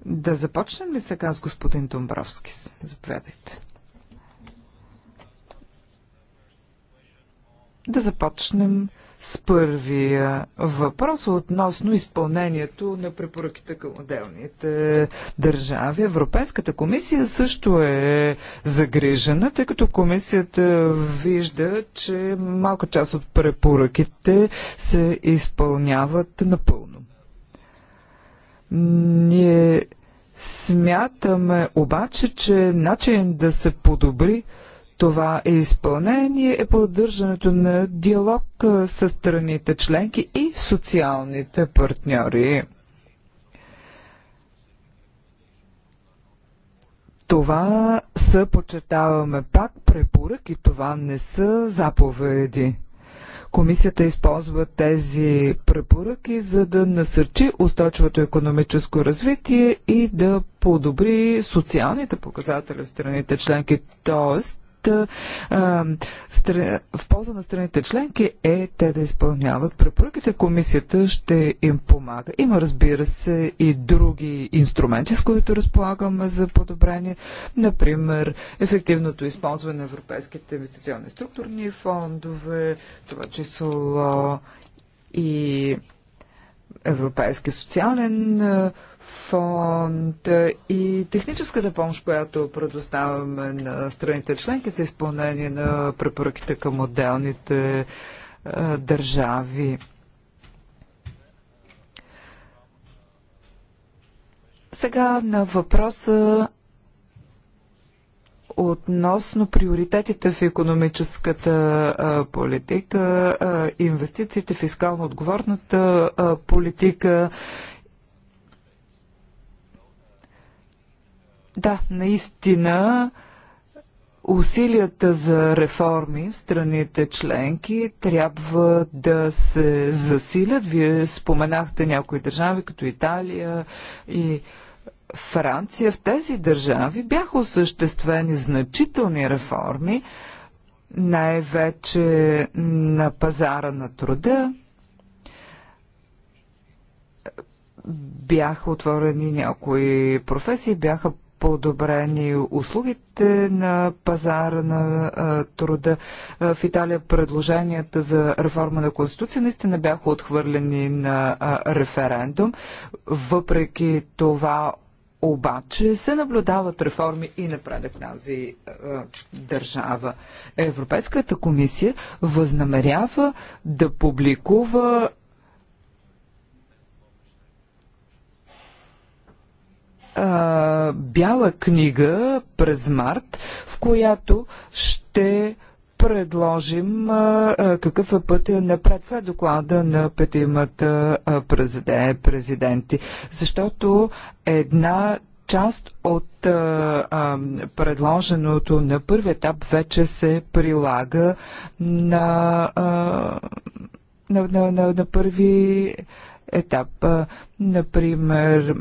Да започнем ли сега с господин Домбровски? Заповядайте. Да започнем с първия въпрос относно изпълнението на препоръките към отделните държави. Европейската комисия също е загрижена, тъй като комисията вижда, че малка част от препоръките се изпълняват напълно. Ние смятаме обаче, че начин да се подобри това изпълнение е поддържането на диалог с страните членки и социалните партньори. Това са, подчертаваме пак, препоръки, това не са заповеди. Комисията използва тези препоръки, за да насърчи устойчивото економическо развитие и да подобри социалните показатели в страните членки. Тоест, в полза на страните членки е те да изпълняват препоръките. Комисията ще им помага. Има, разбира се, и други инструменти, с които разполагаме за подобрение. Например, ефективното използване на европейските инвестиционни структурни фондове, това число и Европейски социален фонд и техническата помощ, която предоставяме на страните членки за изпълнение на препоръките към отделните е, държави. Сега на въпроса относно приоритетите в економическата а, е, политика, а, е, инвестициите, фискално отговорната а, политика Да, наистина усилията за реформи в страните членки трябва да се засилят. Вие споменахте някои държави, като Италия и Франция. В тези държави бяха осъществени значителни реформи, най-вече на пазара на труда. Бяха отворени някои професии, бяха подобрени услугите на пазара на а, труда. А, в Италия предложенията за реформа на Конституция наистина бяха отхвърлени на а, референдум. Въпреки това обаче се наблюдават реформи и напредък тази е, държава. Европейската комисия възнамерява да публикува а, бяла книга през март, в която ще предложим а, а, какъв е пътя напред след доклада на петимата президенти. Защото една част от а, а, предложеното на първи етап вече се прилага на, а, на, на, на, на първи етап. Например,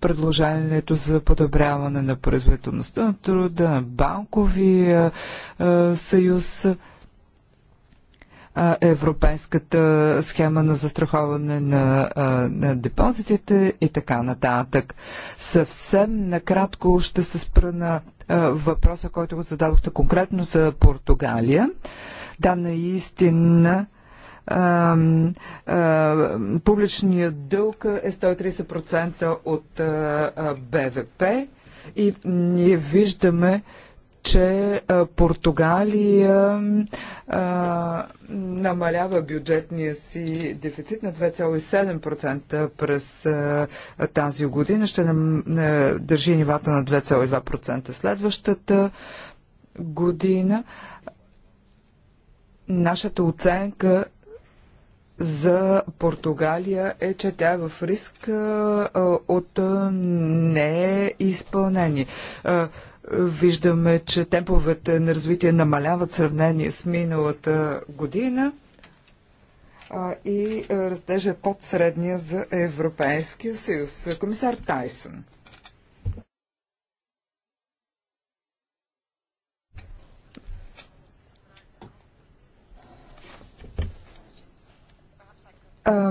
предложението за подобряване на производителността на труда, на банковия съюз. Европейската схема на застраховане на, на депозитите и така нататък. Съвсем накратко ще се спра на въпроса, който го зададохте конкретно за Португалия. Да, наистина публичният дълг е 130% от а, БВП и ние виждаме, че Португалия а, намалява бюджетния си дефицит на 2,7% през а, тази година. Ще нам, а, държи нивата на 2,2% следващата година. Нашата оценка за Португалия е, че тя е в риск от неизпълнение. Виждаме, че темповете на развитие намаляват в сравнение с миналата година и растежа е под средния за Европейския съюз. Комисар Тайсън.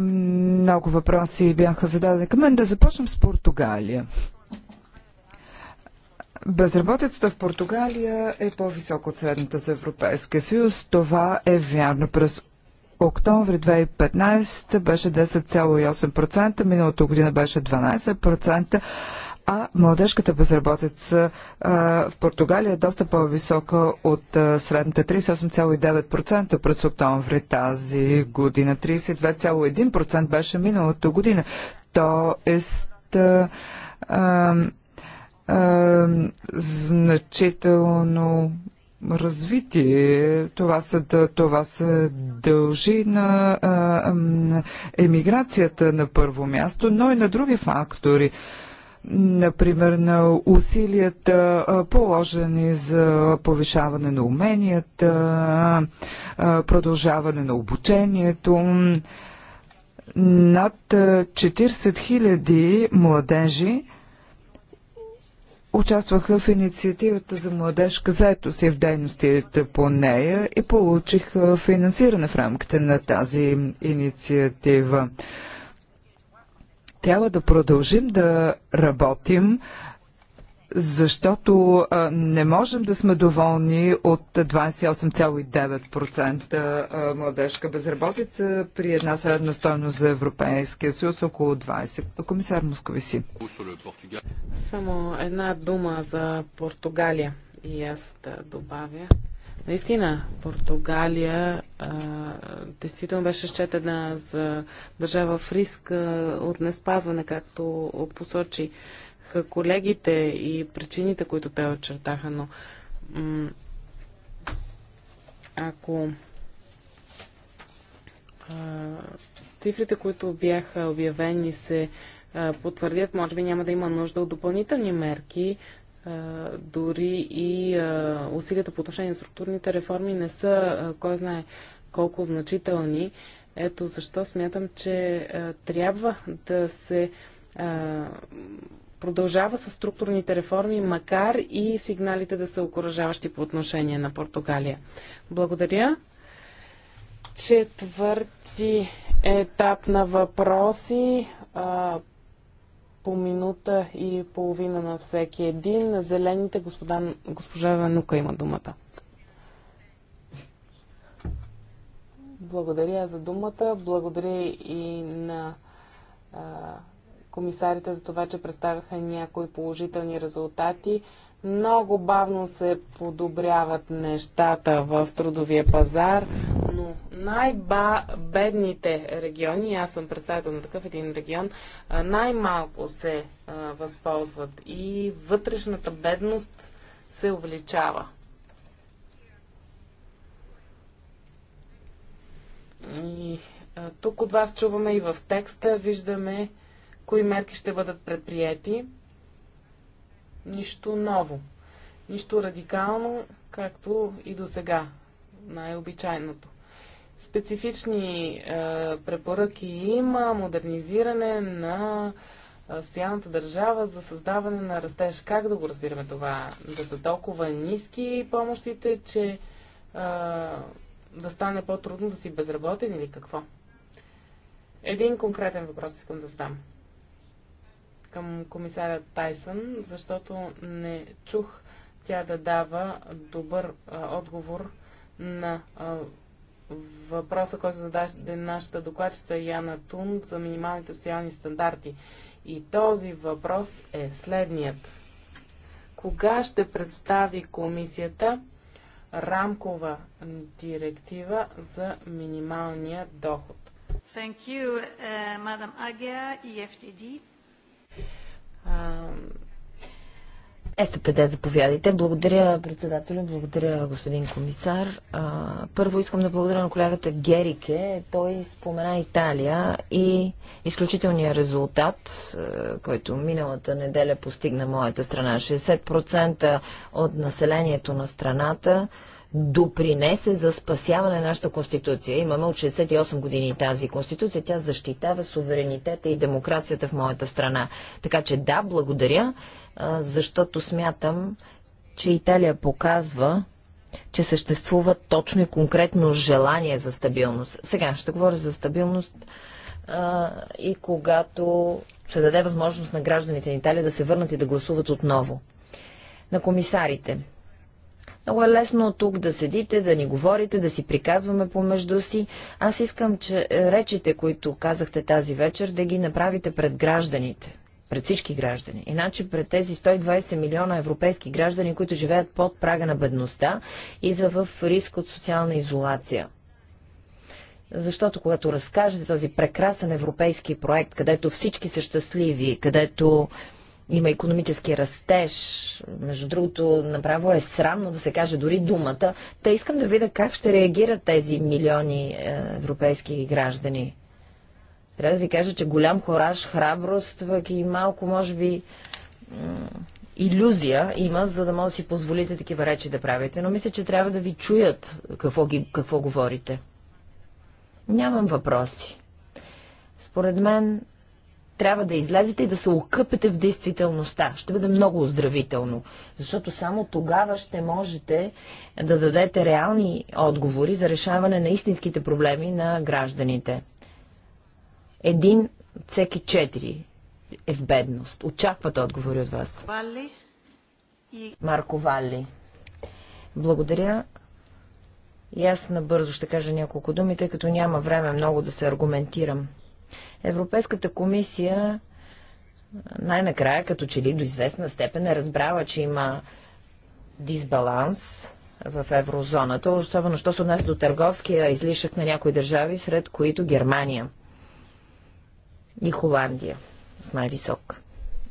Много въпроси бяха зададени към мен. Да започнем с Португалия. Безработицата в Португалия е по-висока от средната за Европейския съюз. Това е вярно. През октомври 2015 беше 10,8%, миналото година беше 12% а младежката безработица в Португалия е доста по-висока от средната 38,9% през октомври тази година. 32,1% беше миналата година. Тоест значително развитие. Това се, това се дължи на емиграцията на първо място, но и на други фактори например, на усилията положени за повишаване на уменията, продължаване на обучението. Над 40 000 младежи участваха в инициативата за младежка заетост и в дейностите по нея и получиха финансиране в рамките на тази инициатива. Трябва да продължим да работим защото не можем да сме доволни от 28,9% младежка безработица при една средна стойност за Европейския съюз около 20%. Комисар Московиси. Само една дума за Португалия и аз да добавя, Наистина, Португалия а, действително беше счетена за държава в риск а, от неспазване, както посочиха колегите и причините, които те очертаха, но ако а, цифрите, които бяха обявени, се потвърдят, може би няма да има нужда от допълнителни мерки, дори и усилията по отношение на структурните реформи не са, кой знае колко значителни. Ето защо смятам, че трябва да се продължава с структурните реформи, макар и сигналите да са окоръжаващи по отношение на Португалия. Благодаря. Четвърти етап на въпроси по минута и половина на всеки един. На зелените господа, госпожа Венука има думата. Благодаря за думата. Благодаря и на а, комисарите за това, че представяха някои положителни резултати. Много бавно се подобряват нещата в трудовия пазар, но най-бедните региони, аз съм представител на такъв един регион, най-малко се възползват и вътрешната бедност се увеличава. И тук от вас чуваме и в текста, виждаме кои мерки ще бъдат предприяти нищо ново, нищо радикално, както и до сега, най-обичайното. Специфични е, препоръки има, модернизиране на е, Стояната държава за създаване на растеж. Как да го разбираме това? Да са толкова ниски помощите, че е, да стане по-трудно да си безработен или какво? Един конкретен въпрос искам да задам към комисаря Тайсън, защото не чух тя да дава добър а, отговор на а, въпроса, който зададе нашата докладчица Яна Тун за минималните социални стандарти. И този въпрос е следният. Кога ще представи комисията рамкова директива за минималния доход? Thank you, uh, Madam Agia, EFTD. СПД, заповядайте. Благодаря, председателю, благодаря, господин комисар. А, първо искам да благодаря на колегата Герике. Той спомена Италия и изключителния резултат, който миналата неделя постигна моята страна. 60% от населението на страната допринесе за спасяване на нашата конституция. Имаме от 68 години тази конституция. Тя защитава суверенитета и демокрацията в моята страна. Така че да, благодаря, защото смятам, че Италия показва, че съществува точно и конкретно желание за стабилност. Сега ще говоря за стабилност а, и когато се даде възможност на гражданите на Италия да се върнат и да гласуват отново. На комисарите. Много е лесно тук да седите, да ни говорите, да си приказваме помежду си. Аз искам, че е, речите, които казахте тази вечер, да ги направите пред гражданите пред всички граждани. Иначе пред тези 120 милиона европейски граждани, които живеят под прага на бедността и за в риск от социална изолация. Защото когато разкажете този прекрасен европейски проект, където всички са щастливи, където има економически растеж. Между другото, направо е срамно да се каже дори думата. Та искам да видя как ще реагират тези милиони е, европейски граждани. Трябва да ви кажа, че голям хораж, храброст, пък и малко, може би, иллюзия има, за да може да си позволите такива речи да правите. Но мисля, че трябва да ви чуят какво, ги, какво говорите. Нямам въпроси. Според мен трябва да излезете и да се окъпете в действителността. Ще бъде много оздравително, защото само тогава ще можете да дадете реални отговори за решаване на истинските проблеми на гражданите. Един всеки четири е в бедност. Очакват отговори от вас. Вали и... Марко Вали. Благодаря. И аз набързо ще кажа няколко думи, тъй като няма време много да се аргументирам. Европейската комисия най-накрая, като че ли до известна степен е разбрала, че има дисбаланс в еврозоната, особено що се отнася до търговския излишък на някои държави, сред които Германия и Холандия с най-висок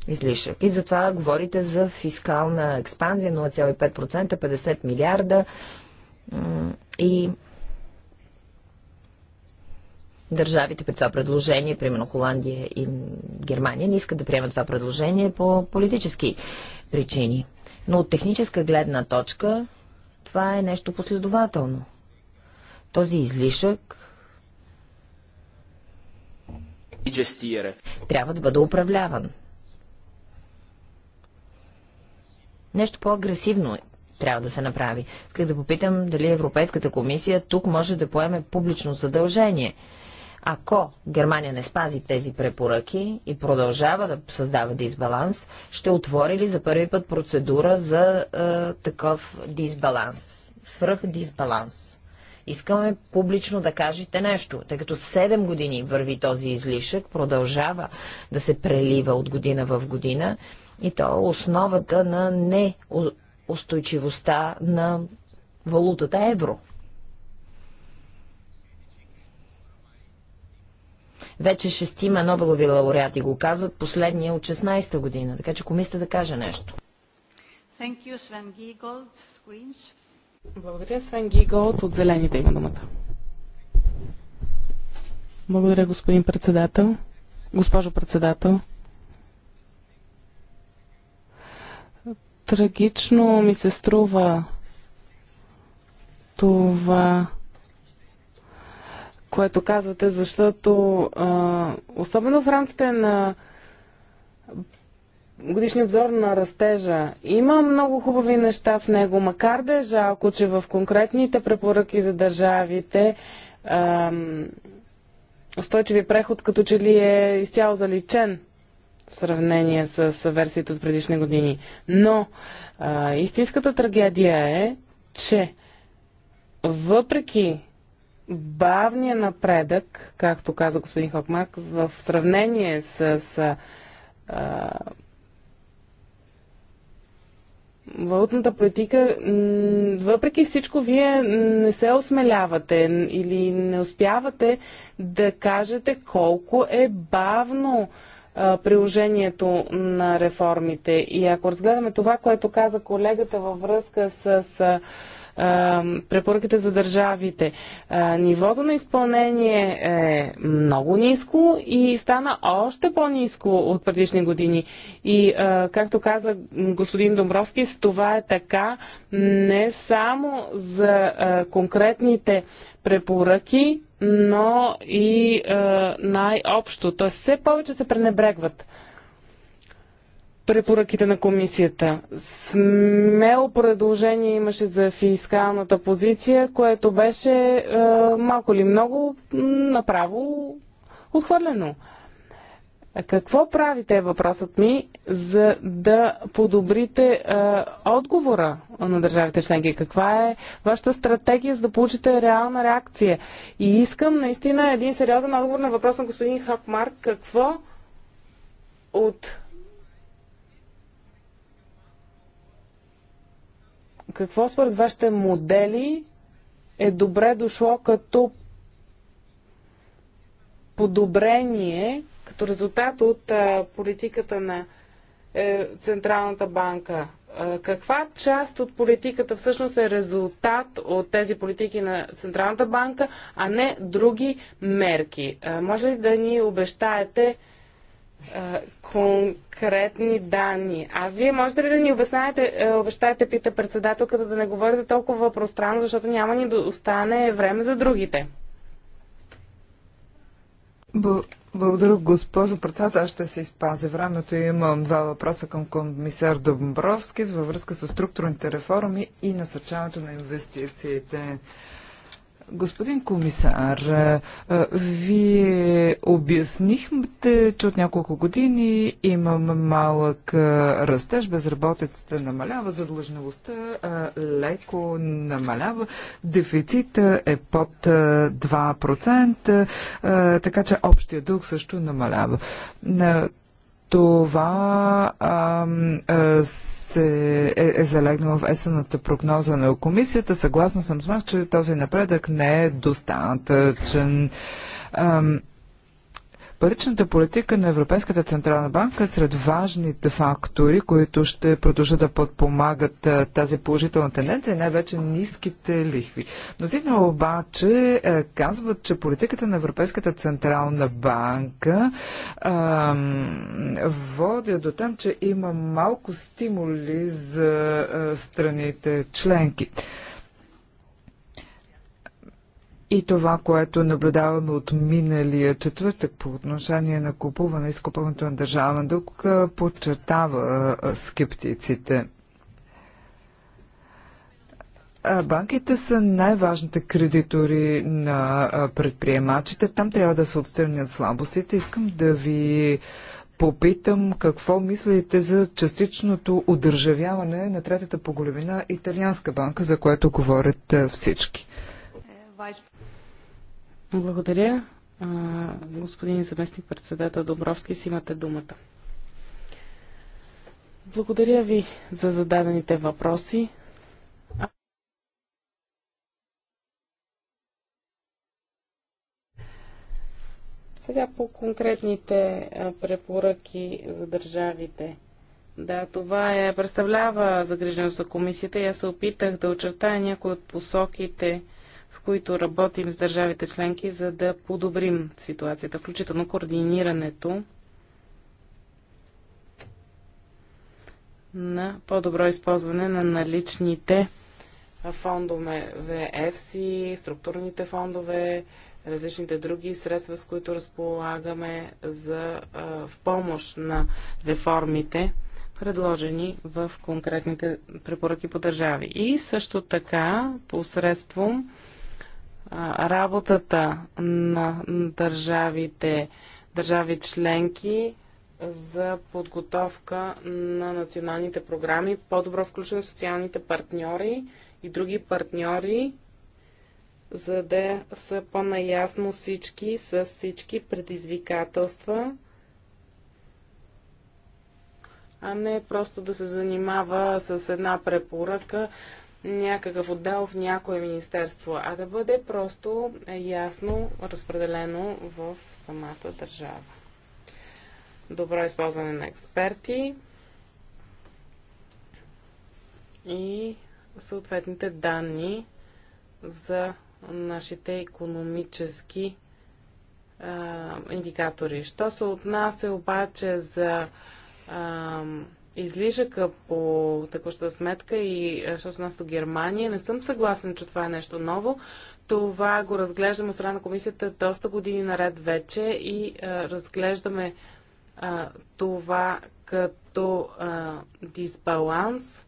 излишък. И затова говорите за фискална експанзия 0,5%, 50 милиарда и държавите при това предложение, примерно Холандия и Германия, не искат да приемат това предложение по политически причини. Но от техническа гледна точка това е нещо последователно. Този излишък трябва да бъде управляван. Нещо по-агресивно трябва да се направи. Исках да попитам дали Европейската комисия тук може да поеме публично задължение – ако Германия не спази тези препоръки и продължава да създава дисбаланс, ще отвори ли за първи път процедура за е, такъв дисбаланс? Свръх дисбаланс. Искаме публично да кажете нещо, тъй като 7 години върви този излишък, продължава да се прелива от година в година и то е основата на неустойчивостта на валутата евро. Вече шестима Нобелови лауреати го казват, последния е от 16-та година, така че комисията да каже нещо. You, Sven Giegold, Благодаря, Свен Гиголд от Зелените има думата. Благодаря, господин председател. Госпожо председател. Трагично ми се струва това което казвате, защото а, особено в рамките на годишния обзор на растежа има много хубави неща в него, макар да е жалко, че в конкретните препоръки за държавите а, устойчивия преход като че ли е изцяло заличен в сравнение с версията от предишни години. Но а, истинската трагедия е, че въпреки бавния напредък, както каза господин Хокмарк, в сравнение с а, валутната политика, въпреки всичко, вие не се осмелявате или не успявате да кажете колко е бавно приложението на реформите. И ако разгледаме това, което каза колегата във връзка с а, препоръките за държавите. Нивото на изпълнение е много ниско и стана още по-ниско от предишни години. И, както каза господин Домбровски, това е така не само за конкретните препоръки, но и най-общо. Тоест, все повече се пренебрегват препоръките на комисията. Смело предложение имаше за фискалната позиция, което беше е, малко ли много направо отхвърлено. Какво правите, е въпросът ми, за да подобрите е, отговора на държавите членки? Каква е вашата стратегия, за да получите реална реакция? И искам наистина един сериозен отговор на въпрос на господин Хакмарк. Какво от какво според вашите модели е добре дошло като подобрение, като резултат от а, политиката на е, Централната банка? А, каква част от политиката всъщност е резултат от тези политики на Централната банка, а не други мерки? А, може ли да ни обещаете? конкретни данни. А вие можете ли да ни обяснаете, обещаете, пита председателката, да не говорите толкова пространно, защото няма ни да остане време за другите. Благодаря, госпожо председател. Аз ще се изпази времето. и Имам два въпроса към комисар Добровски във връзка с структурните реформи и насърчаването на инвестициите. Господин комисар, е, е, вие обяснихте, че от няколко години имаме малък е, растеж, безработицата намалява, задлъжнавостта леко намалява, дефицита е под 2%, така че общия дълг също намалява. Това а, а, се, е, е залегнало в есената прогноза на комисията. Съгласна съм с вас, че този напредък не е достатъчен. А, Паричната политика на Европейската Централна банка е сред важните фактори, които ще продължат да подпомагат тази положителна тенденция, най-вече ниските лихви. Мнозина обаче казват, че политиката на Европейската Централна банка ам, води до там, че има малко стимули за страните членки и това, което наблюдаваме от миналия четвъртък по отношение на купуване и скупуването на държавен дълг, подчертава скептиците. Банките са най-важните кредитори на предприемачите. Там трябва да се отстранят слабостите. Искам да ви попитам какво мислите за частичното удържавяване на третата по големина италианска банка, за което говорят всички. Е, благодаря. господин заместник председател Добровски, си имате думата. Благодаря ви за зададените въпроси. Сега по конкретните препоръки за държавите. Да, това е, представлява загриженост за комисията и аз се опитах да очертая някои от посоките, в които работим с държавите членки, за да подобрим ситуацията, включително координирането на по-добро използване на наличните фондове ВФС, структурните фондове, различните други средства, с които разполагаме за, в помощ на реформите, предложени в конкретните препоръки по държави. И също така, посредством работата на държавите, държави членки за подготовка на националните програми, по-добро включване социалните партньори и други партньори, за да са по-наясно всички с всички предизвикателства, а не просто да се занимава с една препоръка някакъв отдел в някое министерство, а да бъде просто ясно разпределено в самата държава. Добро използване на експерти и съответните данни за нашите економически а, индикатори. Що се отнася обаче за а, излишъка по текуща сметка и е, що се нас до Германия. Не съм съгласен, че това е нещо ново. Това го разглеждаме от страна на комисията доста години наред вече и а, е, разглеждаме а, е, това като а, дисбаланс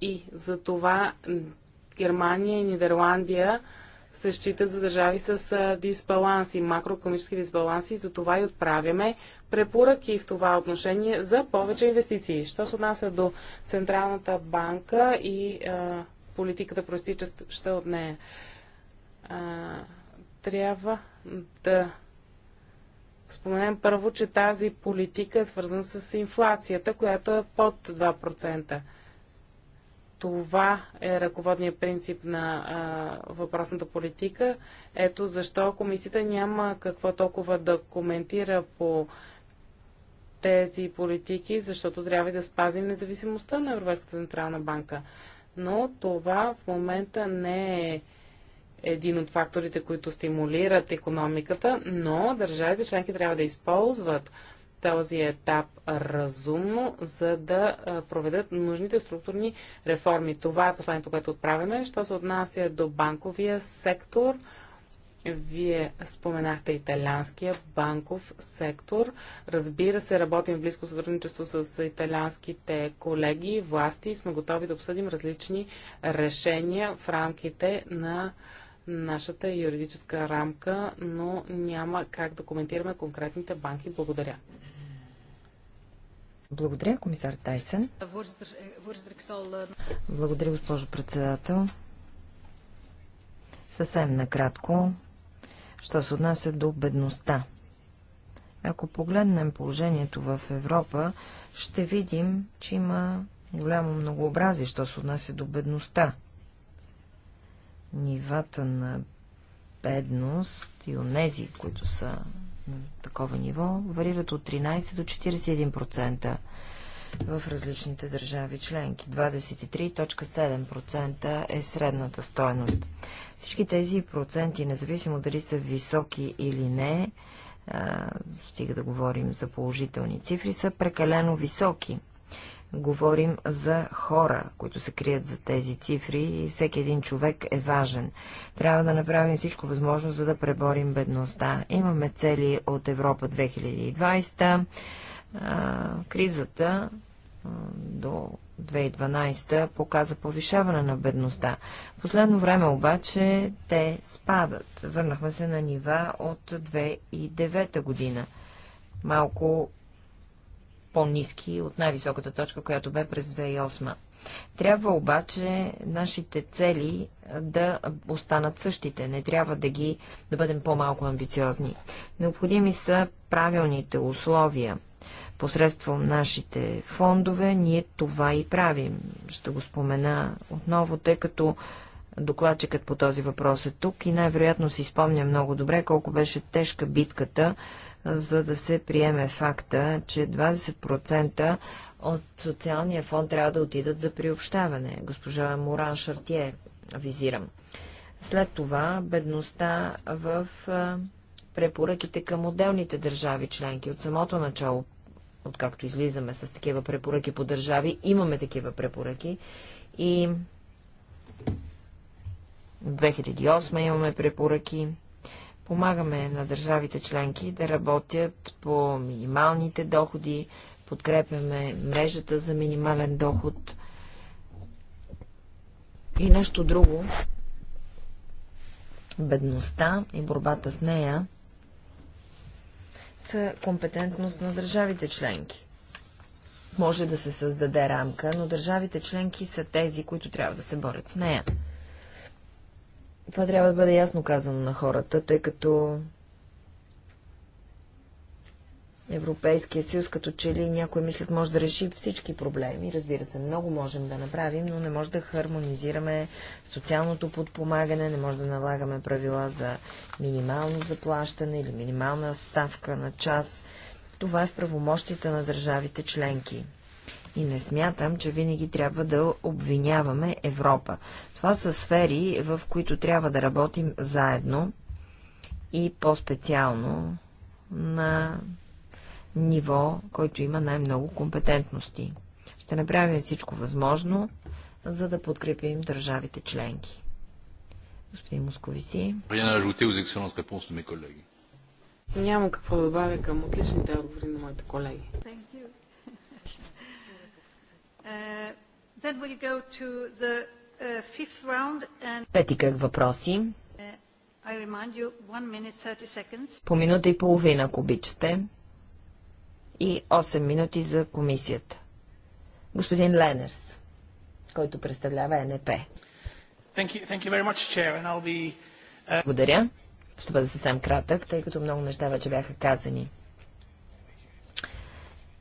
и за това Германия и Нидерландия се считат за държави с дисбаланси, макроекономически дисбаланси, за това и отправяме препоръки в това отношение за повече инвестиции. Що се отнася до Централната банка и а, политиката, проистичаща от нея, а, трябва да споменем първо, че тази политика е свързана с инфлацията, която е под 2%. Това е ръководният принцип на а, въпросната политика. Ето защо комисията няма какво толкова да коментира по тези политики, защото трябва да спазим независимостта на Европейската централна банка. Но това в момента не е един от факторите, които стимулират економиката, но държавите членки трябва да използват този етап разумно, за да проведат нужните структурни реформи. Това е посланието, което отправяме. Що се отнася до банковия сектор, вие споменахте италианския банков сектор. Разбира се, работим в близко сътрудничество с италианските колеги и власти и сме готови да обсъдим различни решения в рамките на нашата юридическа рамка, но няма как да коментираме конкретните банки. Благодаря. Благодаря, комисар Тайсен. Благодаря, госпожо председател. Съвсем накратко, що се отнася до бедността. Ако погледнем положението в Европа, ще видим, че има голямо многообразие, що се отнася до бедността нивата на бедност и онези, които са на такова ниво, варират от 13 до 41% в различните държави членки. 23.7% е средната стоеност. Всички тези проценти, независимо дали са високи или не, стига да говорим за положителни цифри, са прекалено високи – Говорим за хора, които се крият за тези цифри и всеки един човек е важен. Трябва да направим всичко възможно, за да преборим бедността. Имаме цели от Европа 2020, кризата до 2012 показа повишаване на бедността. Последно време обаче те спадат. Върнахме се на нива от 2009 година. Малко по-низки от най-високата точка, която бе през 2008. Трябва обаче нашите цели да останат същите. Не трябва да ги да бъдем по-малко амбициозни. Необходими са правилните условия. Посредством нашите фондове ние това и правим. Ще го спомена отново, тъй като докладчикът по този въпрос е тук и най-вероятно си спомня много добре колко беше тежка битката за да се приеме факта, че 20% от социалния фонд трябва да отидат за приобщаване. Госпожа Моран Шартие визирам. След това бедността в препоръките към отделните държави членки. От самото начало, откакто излизаме с такива препоръки по държави, имаме такива препоръки и 2008 имаме препоръки. Помагаме на държавите членки да работят по минималните доходи, подкрепяме мрежата за минимален доход и нещо друго. Бедността и борбата с нея са компетентност на държавите членки. Може да се създаде рамка, но държавите членки са тези, които трябва да се борят с нея. Това трябва да бъде ясно казано на хората, тъй като Европейския съюз, като че ли някой мислят може да реши всички проблеми. Разбира се, много можем да направим, но не може да хармонизираме социалното подпомагане, не може да налагаме правила за минимално заплащане или минимална ставка на час. Това е в правомощите на държавите членки. И не смятам, че винаги трябва да обвиняваме Европа. Това са сфери, в които трябва да работим заедно и по-специално на ниво, който има най-много компетентности. Ще направим всичко възможно, за да подкрепим държавите членки. Господин Московиси. Няма какво да добавя към отличните отговори на моите колеги. Uh, then go to the Uh, Пети кръг въпроси. Uh, По минута и половина, ако обичате. И 8 минути за комисията. Господин Ленерс, който представлява НП. Uh, Благодаря. Ще бъда съвсем кратък, тъй като много неща вече бяха казани.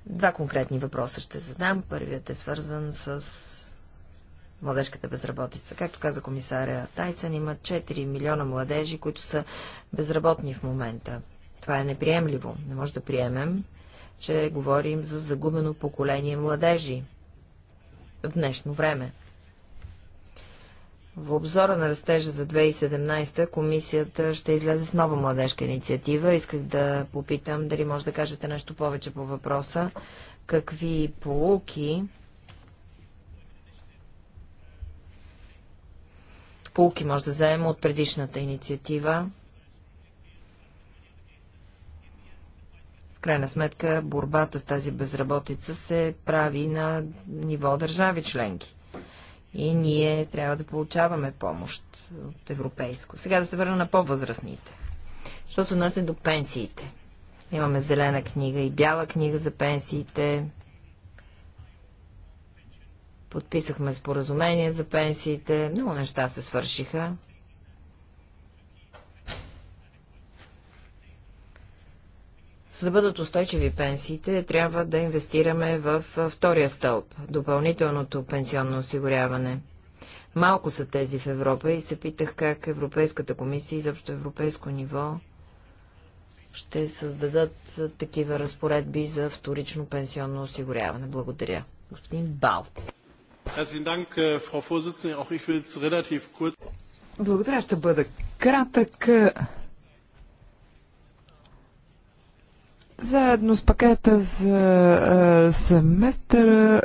Два конкретни въпроса ще задам. Първият е свързан с младежката безработица. Както каза комисаря Тайсън, има 4 милиона младежи, които са безработни в момента. Това е неприемливо. Не може да приемем, че говорим за загубено поколение младежи в днешно време. В обзора на растежа за 2017 комисията ще излезе с нова младежка инициатива. Исках да попитам дали може да кажете нещо повече по въпроса. Какви полуки полки може да вземем от предишната инициатива. В крайна сметка, борбата с тази безработица се прави на ниво държави членки. И ние трябва да получаваме помощ от европейско. Сега да се върна на по-възрастните. Що се отнася до пенсиите? Имаме зелена книга и бяла книга за пенсиите. Подписахме споразумение за пенсиите, много неща се свършиха. За да бъдат устойчиви пенсиите, трябва да инвестираме в втория стълб – допълнителното пенсионно осигуряване. Малко са тези в Европа и се питах как Европейската комисия и заобщо европейско ниво ще създадат такива разпоредби за вторично пенсионно осигуряване. Благодаря. Господин Балц. Äh, Благодаря, ще бъда кратък. Заедно с пакета за а, е, семестъра е,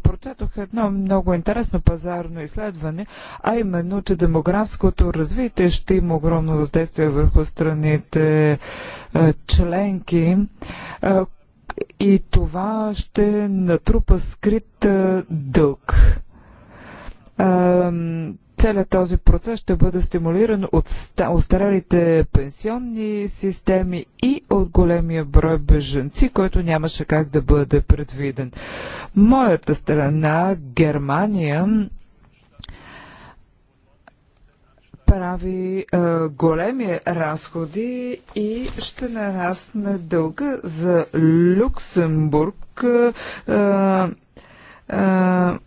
прочетох едно много интересно пазарно изследване, а именно, че демографското развитие ще има огромно въздействие върху страните а, е, членки, а, и това ще натрупа скрит дълг. Целият този процес ще бъде стимулиран от остарелите пенсионни системи и от големия брой беженци, който нямаше как да бъде предвиден. Моята страна, Германия, прави а, е, големи разходи и ще нарасне дълга за Люксембург. А, а,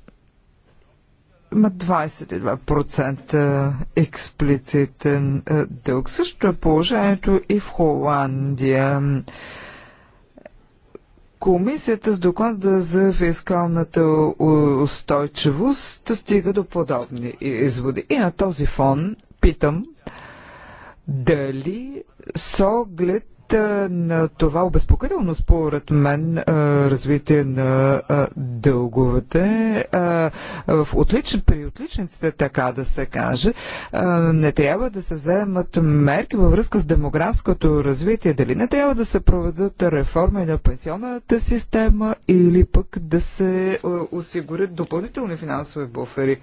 има 22% експлицитен е, дълг. Също е положението и в Холандия. Комисията с доклада за фискалната устойчивост стига до подобни изводи. И на този фон питам дали с оглед на това обезпокоително според мен развитие на дълговете в отлич, при отличниците, така да се каже, не трябва да се вземат мерки във връзка с демографското развитие. Дали не трябва да се проведат реформи на пенсионната система или пък да се осигурят допълнителни финансови буфери?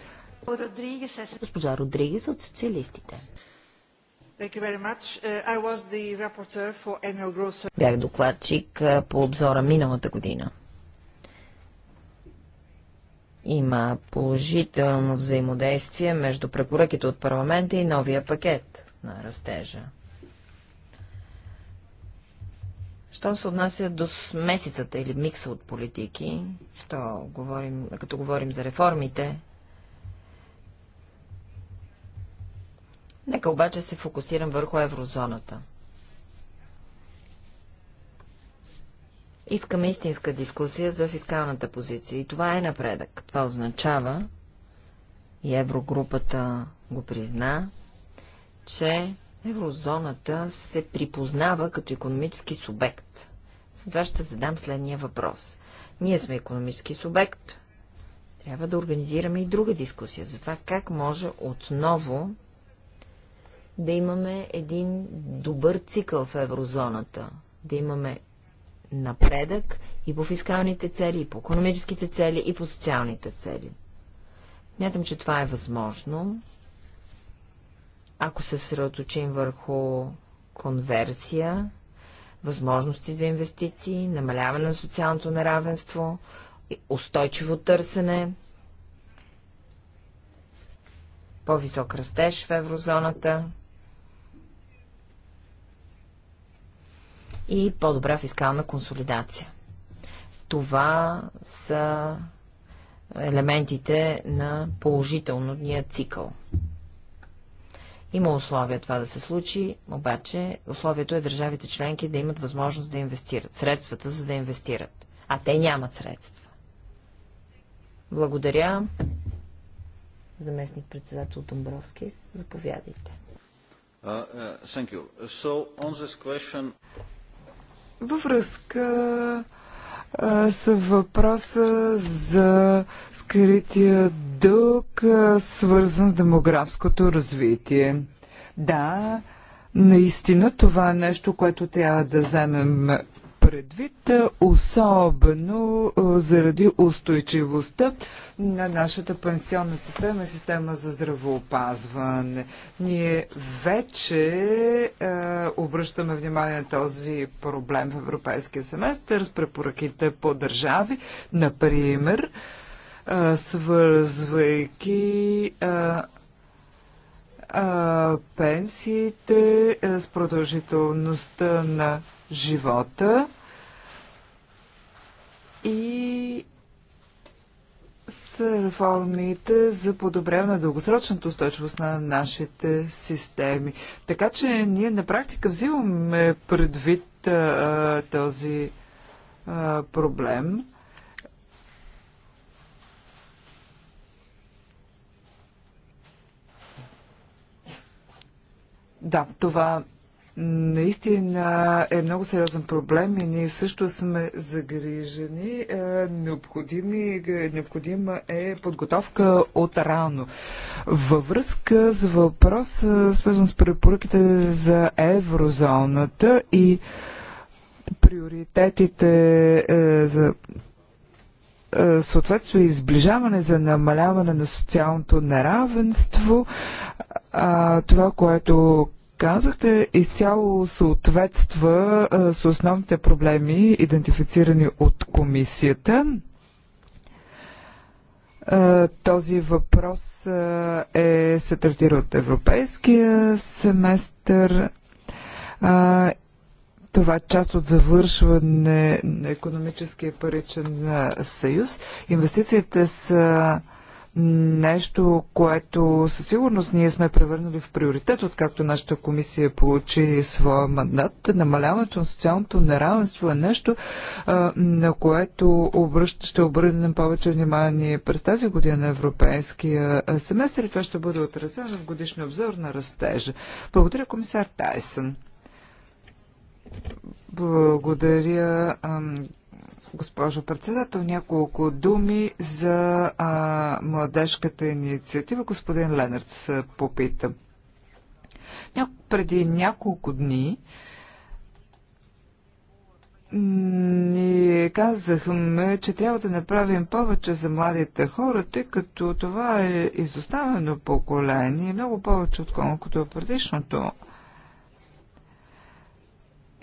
Госпожа Родригес от социалистите. Uh, Бях докладчик uh, по обзора миналата година. Има положително взаимодействие между препоръките от парламента и новия пакет на растежа. Щом се отнася до смесицата или микса от политики, що говорим, като говорим за реформите, Нека обаче се фокусирам върху еврозоната. Искаме истинска дискусия за фискалната позиция и това е напредък. Това означава, и еврогрупата го призна, че еврозоната се припознава като економически субект. Затова ще задам следния въпрос. Ние сме економически субект. Трябва да организираме и друга дискусия за това как може отново да имаме един добър цикъл в еврозоната, да имаме напредък и по фискалните цели, и по економическите цели, и по социалните цели. Мятам, че това е възможно, ако се съсредоточим върху конверсия, възможности за инвестиции, намаляване на социалното неравенство, устойчиво търсене, по-висок растеж в еврозоната, и по-добра фискална консолидация. Това са елементите на положителния цикъл. Има условия това да се случи, обаче условието е държавите членки да имат възможност да инвестират, средствата за да инвестират. А те нямат средства. Благодаря. Заместник председател Домбровски, заповядайте. Uh, uh, so, question... Във връзка с въпроса за скрития дълг, свързан с демографското развитие. Да, наистина това е нещо, което трябва да вземем предвид, особено заради устойчивостта на нашата пенсионна система и система за здравоопазване. Ние вече е, обръщаме внимание на този проблем в Европейския семестър с препоръките по държави, например, е, свързвайки е, пенсиите с продължителността на живота и са реформите за подобряване на дългосрочната устойчивост на нашите системи. Така че ние на практика взимаме предвид а, този а, проблем. Да, това наистина е много сериозен проблем и ние също сме загрижени. Е, необходими, е, необходима е подготовка от рано. Във връзка с въпрос, е, свързан с препоръките за еврозоната и приоритетите за съответствие и изближаване за намаляване на социалното неравенство, това, което казахте, изцяло съответства с основните проблеми, идентифицирани от комисията. този въпрос е, се третира от европейския семестър. това е част от завършване на економическия паричен съюз. Инвестициите са нещо, което със сигурност ние сме превърнали в приоритет, откакто нашата комисия получи своя мандат. Намаляването на социалното неравенство е нещо, на което ще обърнем повече внимание през тази година на европейския семестър и това ще бъде отразено в годишния обзор на растежа. Благодаря, комисар Тайсън. Благодаря, Госпожо председател, няколко думи за а, младежката инициатива. Господин Ленърц попита. Ня... Преди няколко дни ни казахме, че трябва да направим повече за младите хора, тъй като това е изоставено поколение, много повече отколкото предишното.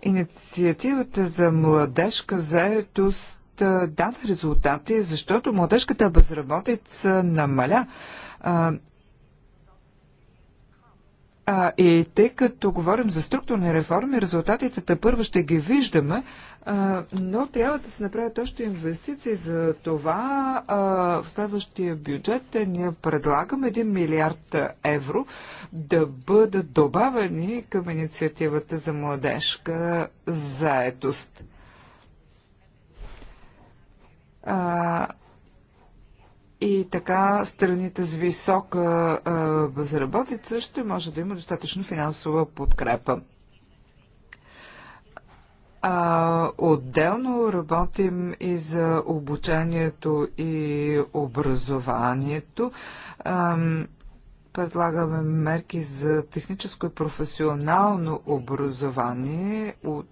Инициативата за младежка заетост дава резултати, защото младежката безработица намаля. А, и тъй като говорим за структурни реформи, резултатите първо ще ги виждаме, а, но трябва да се направят още инвестиции за това. А, в следващия бюджет е, ние предлагаме 1 милиард евро да бъдат добавени към инициативата за младежка заетост. А, и така страните с висока безработица ще може да има достатъчно финансова подкрепа. А, отделно работим и за обучението и образованието. А, предлагаме мерки за техническо и професионално образование от,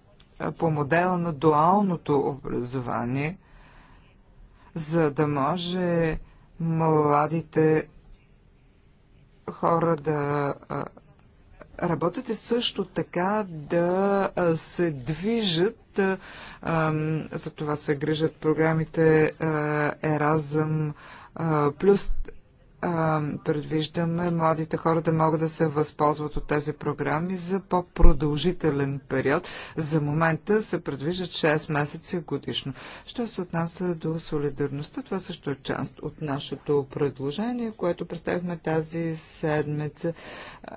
по модела на дуалното образование, за да може младите хора да работят и също така да се движат. За това се грижат програмите Еразъм плюс предвиждаме младите хора да могат да се възползват от тези програми за по-продължителен период. За момента се предвиждат 6 месеца годишно. Що се отнася до солидарността, това също е част от нашето предложение, което представихме тази седмица.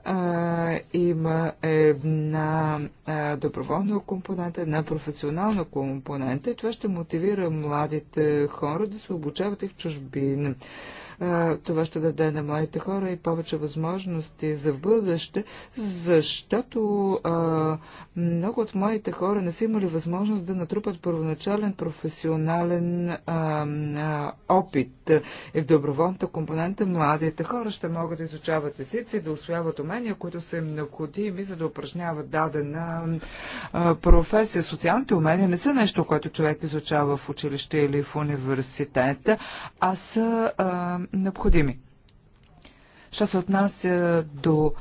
А, има една а, доброволна компонента, една професионална компонента и това ще мотивира младите хора да се обучават и в чужбина. Това ще даде на младите хора и повече възможности за в бъдеще, защото много от младите хора не са имали възможност да натрупат първоначален професионален опит. И в доброволната компонента младите хора ще могат да изучават езици, да освояват умения, които са им необходими, за да упражняват дадена професия. Социалните умения не са нещо, което човек изучава в училище или в университета, а са а, необходими. Що се отнася до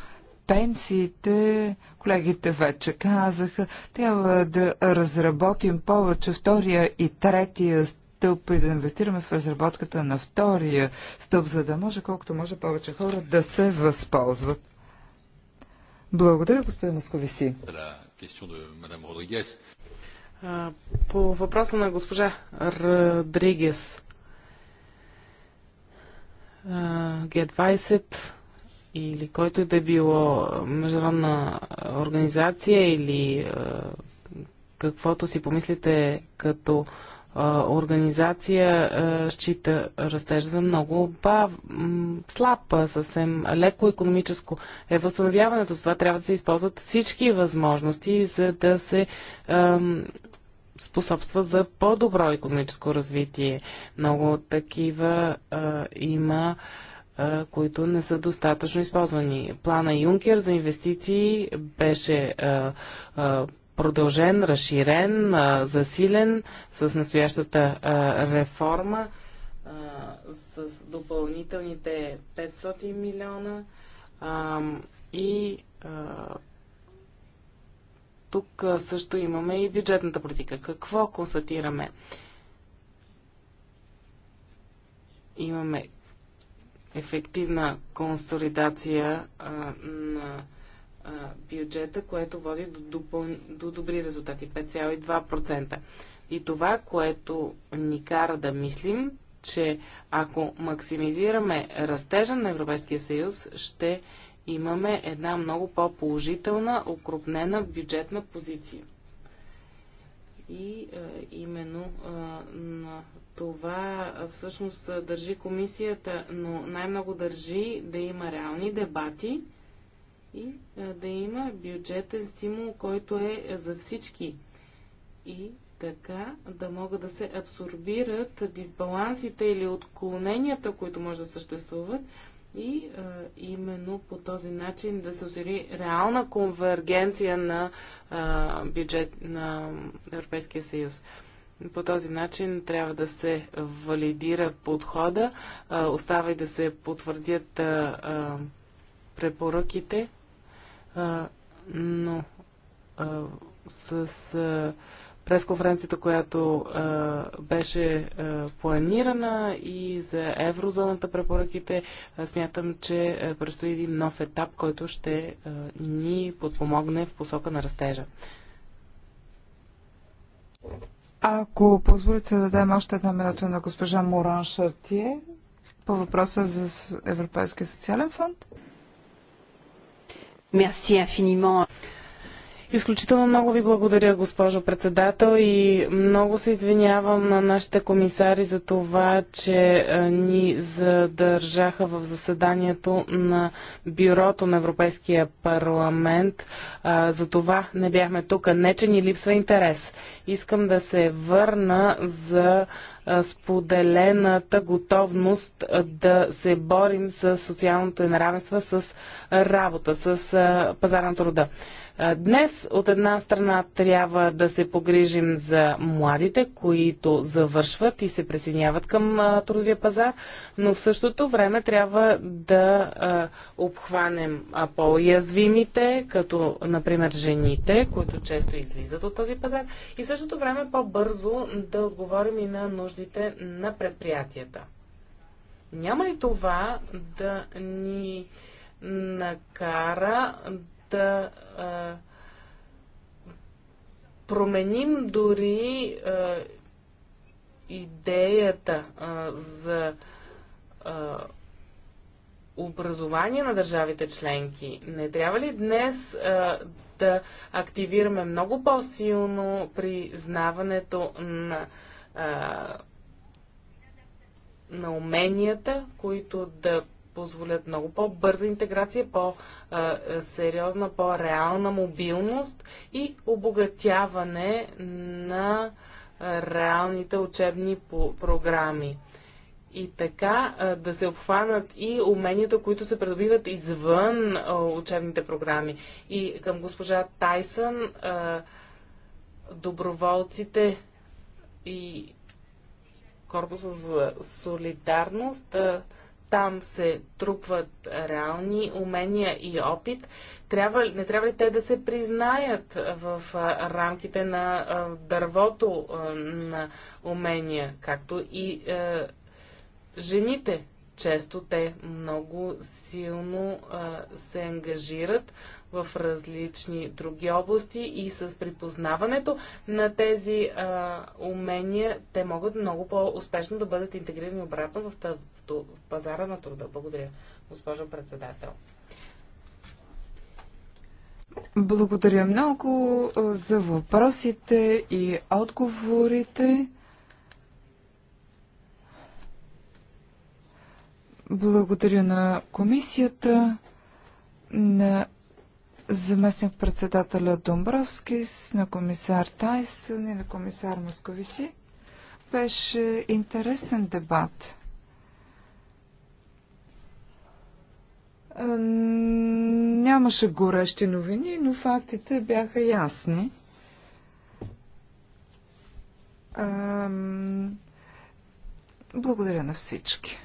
пенсиите, колегите вече казаха, трябва да разработим повече втория и третия стълб и да инвестираме в разработката на втория стълб, за да може колкото може повече хора да се възползват. Благодаря, господин Московиси. По въпроса на госпожа Родригес. Г20 или който и е да било международна организация или каквото си помислите като организация, счита растеж за много бав, слаб, съвсем леко економическо е възстановяването. С това трябва да се използват всички възможности, за да се способства за по-добро економическо развитие. Много от такива а, има, а, които не са достатъчно използвани. Плана Юнкер за инвестиции беше а, а, продължен, разширен, а, засилен с настоящата а, реформа а, с допълнителните 500 милиона а, и а, тук също имаме и бюджетната политика. Какво констатираме? Имаме ефективна консолидация а, на а, бюджета, което води до, допъл... до добри резултати 5,2%. И това, което ни кара да мислим, че ако максимизираме растежа на Европейския съюз, ще имаме една много по-положителна, окрупнена бюджетна позиция. И а, е, именно а, е, на това а, е, всъщност държи комисията, но най-много държи да има реални дебати и а, да има бюджетен стимул, който е за всички. И така да могат да се абсорбират дисбалансите или отклоненията, които може да съществуват и а, именно по този начин да се осигури реална конвергенция на а, бюджет на Европейския съюз. По този начин трябва да се валидира подхода, а, остава и да се потвърдят а, а, препоръките, а, но а, с. А, пресконференцията, която а, беше а, планирана и за еврозоната препоръките, а, смятам, че а, предстои един нов етап, който ще а, ни подпомогне в посока на растежа. Ако позволите да дадем още една минута на госпожа Моран Шартие по въпроса за Европейския социален фонд. Мерси Изключително много ви благодаря, госпожо председател, и много се извинявам на нашите комисари за това, че ни задържаха в заседанието на Бюрото на Европейския парламент. За това не бяхме тук. Не, че ни липсва интерес. Искам да се върна за споделената готовност да се борим с социалното неравенство, с работа, с пазар на труда. Днес от една страна трябва да се погрижим за младите, които завършват и се присъединяват към трудовия пазар, но в същото време трябва да обхванем по-язвимите, като например жените, които често излизат от този пазар и в същото време по-бързо да отговорим и на нужда нуждите на предприятията. Няма ли това да ни накара да а, променим дори а, идеята а, за а, образование на държавите членки. Не трябва ли днес а, да активираме много по-силно признаването на а, на уменията, които да позволят много по-бърза интеграция, по-сериозна, по-реална мобилност и обогатяване на реалните учебни програми. И така да се обхванат и уменията, които се придобиват извън учебните програми. И към госпожа Тайсън, доброволците и корпуса за солидарност. Там се трупват реални умения и опит. Трябва, не трябва ли те да се признаят в рамките на дървото на умения, както и жените често те много силно а, се ангажират в различни други области и с припознаването на тези а, умения те могат много по-успешно да бъдат интегрирани обратно в, тъп, в пазара на труда. Благодаря, госпожо председател. Благодаря много за въпросите и отговорите. Благодаря на комисията, на заместник председателя Домбровски, на комисар Тайс и на комисар Московиси. Беше интересен дебат. Нямаше горещи новини, но фактите бяха ясни. Благодаря на всички.